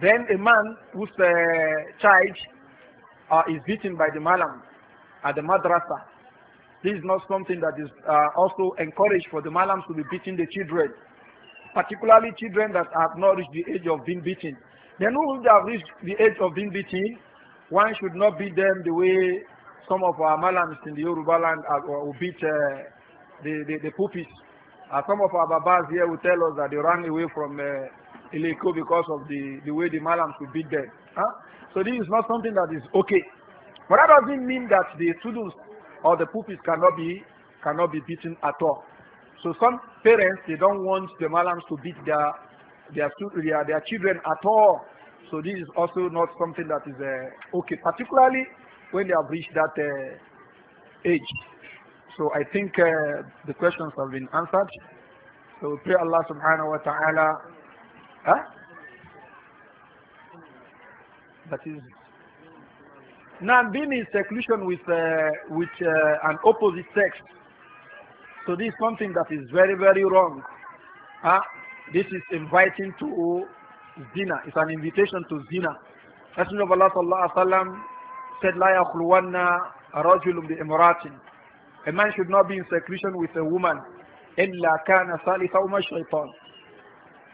Then a man whose uh, child uh, is beaten by the malam at the madrasa. This is not something that is uh, also encouraged for the malams to be beating the children, particularly children that have not reached the age of being beaten. Then who would have reached the age of being beaten one should not beat them the way some of our malams in the Yoruba land uh, will beat uh, the, the, the puppies. Uh, some of our babas here will tell us that they ran away from uh, Ileko because of the, the way the malams would beat them. Huh? So this is not something that is okay. But that doesn't mean that the students or the puppies cannot be cannot be beaten at all. So some parents they don't want the malams to beat their their their, their children at all So this is also not something that is uh, okay, particularly when they have reached that uh, age. So I think uh, the questions have been answered. So we pray Allah subhanahu wa ta'ala. Huh? That is. Now being in seclusion with, uh, with uh, an opposite sex. So this is something that is very, very wrong. Huh? This is inviting to zina. It's an invitation to zina. Messenger of Allah sallallahu alaihi wasallam said, "La yakhluwanna rajulun bi imratin." A man should not be in seclusion with a woman. إلا كان ثالثهما شيطان.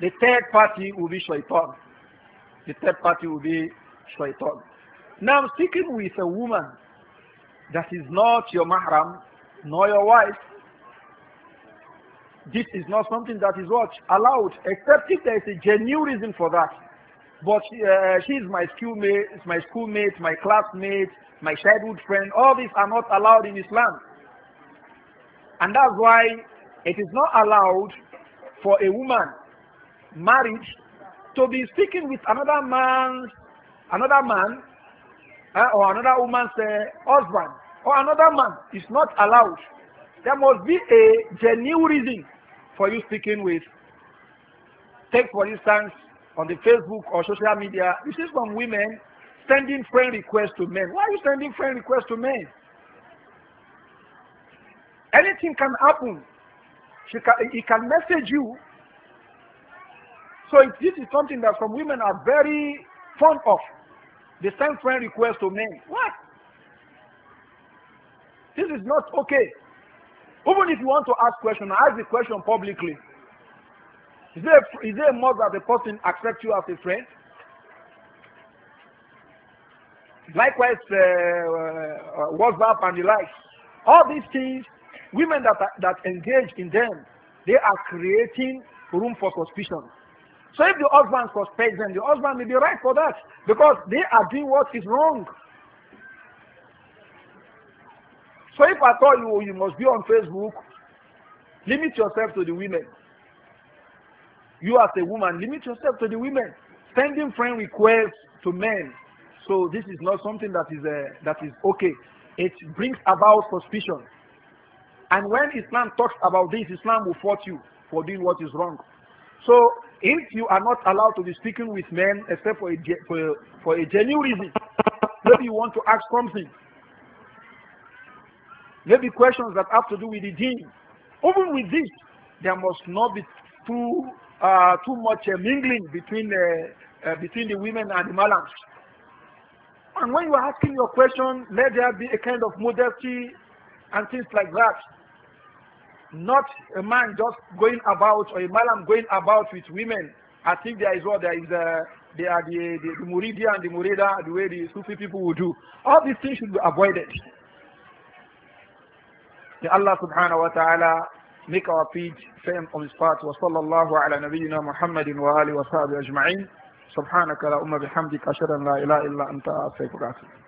The third party will be shaitan. The third party will be shaitan. Now speaking with a woman that is not your mahram nor your wife this is not something that is what allowed, except if there is a genuine reason for that. But uh, she is my schoolmate, my schoolmate, my classmate, my childhood friend. All these are not allowed in Islam, and that's why it is not allowed for a woman married to be speaking with another man, another man, uh, or another woman's uh, husband, or another man. It's not allowed. There must be a genuine reason for you speaking with. Take, for instance, on the Facebook or social media, you see some women sending friend requests to men. Why are you sending friend requests to men? Anything can happen. She can, he can message you. So this is something that some women are very fond of. They send friend requests to men. What? This is not okay. Even if you want to ask question, ask the question publicly. Is there, is there a must that the person accept you as a friend? Likewise, uh, uh, WhatsApp and the like. All these things, women that, are, that engage in them, they are creating room for suspicion. So if the husband suspects them, the husband may be right for that because they are doing what is wrong. So if I told you, you must be on Facebook, limit yourself to the women. You as a woman, limit yourself to the women. Sending friend requests to men. So this is not something that is, uh, that is okay. It brings about suspicion. And when Islam talks about this, Islam will fault you for doing what is wrong. So if you are not allowed to be speaking with men except for a, for a, for a genuine reason, maybe you want to ask something, maybe questions that have to do with the deen. Even with this, there must not be too uh, too much uh, mingling between uh, uh, between the women and the malams. And when you are asking your question, let there be a kind of modesty and things like that. Not a man just going about or a malam going about with women. I think there is what there is. Uh, they are the, the, the Muridi and the Murida, the way the Sufi people will do. All these things should be avoided. May Allah subhanahu wa ta'ala make our page firm on his path. Wa sallallahu ala nabiyyina Muhammadin wa alihi wa sahbihi ajma'in. سبحانك لا أم بحمدك أشهد أن لا إله إلا أنت أستغفرك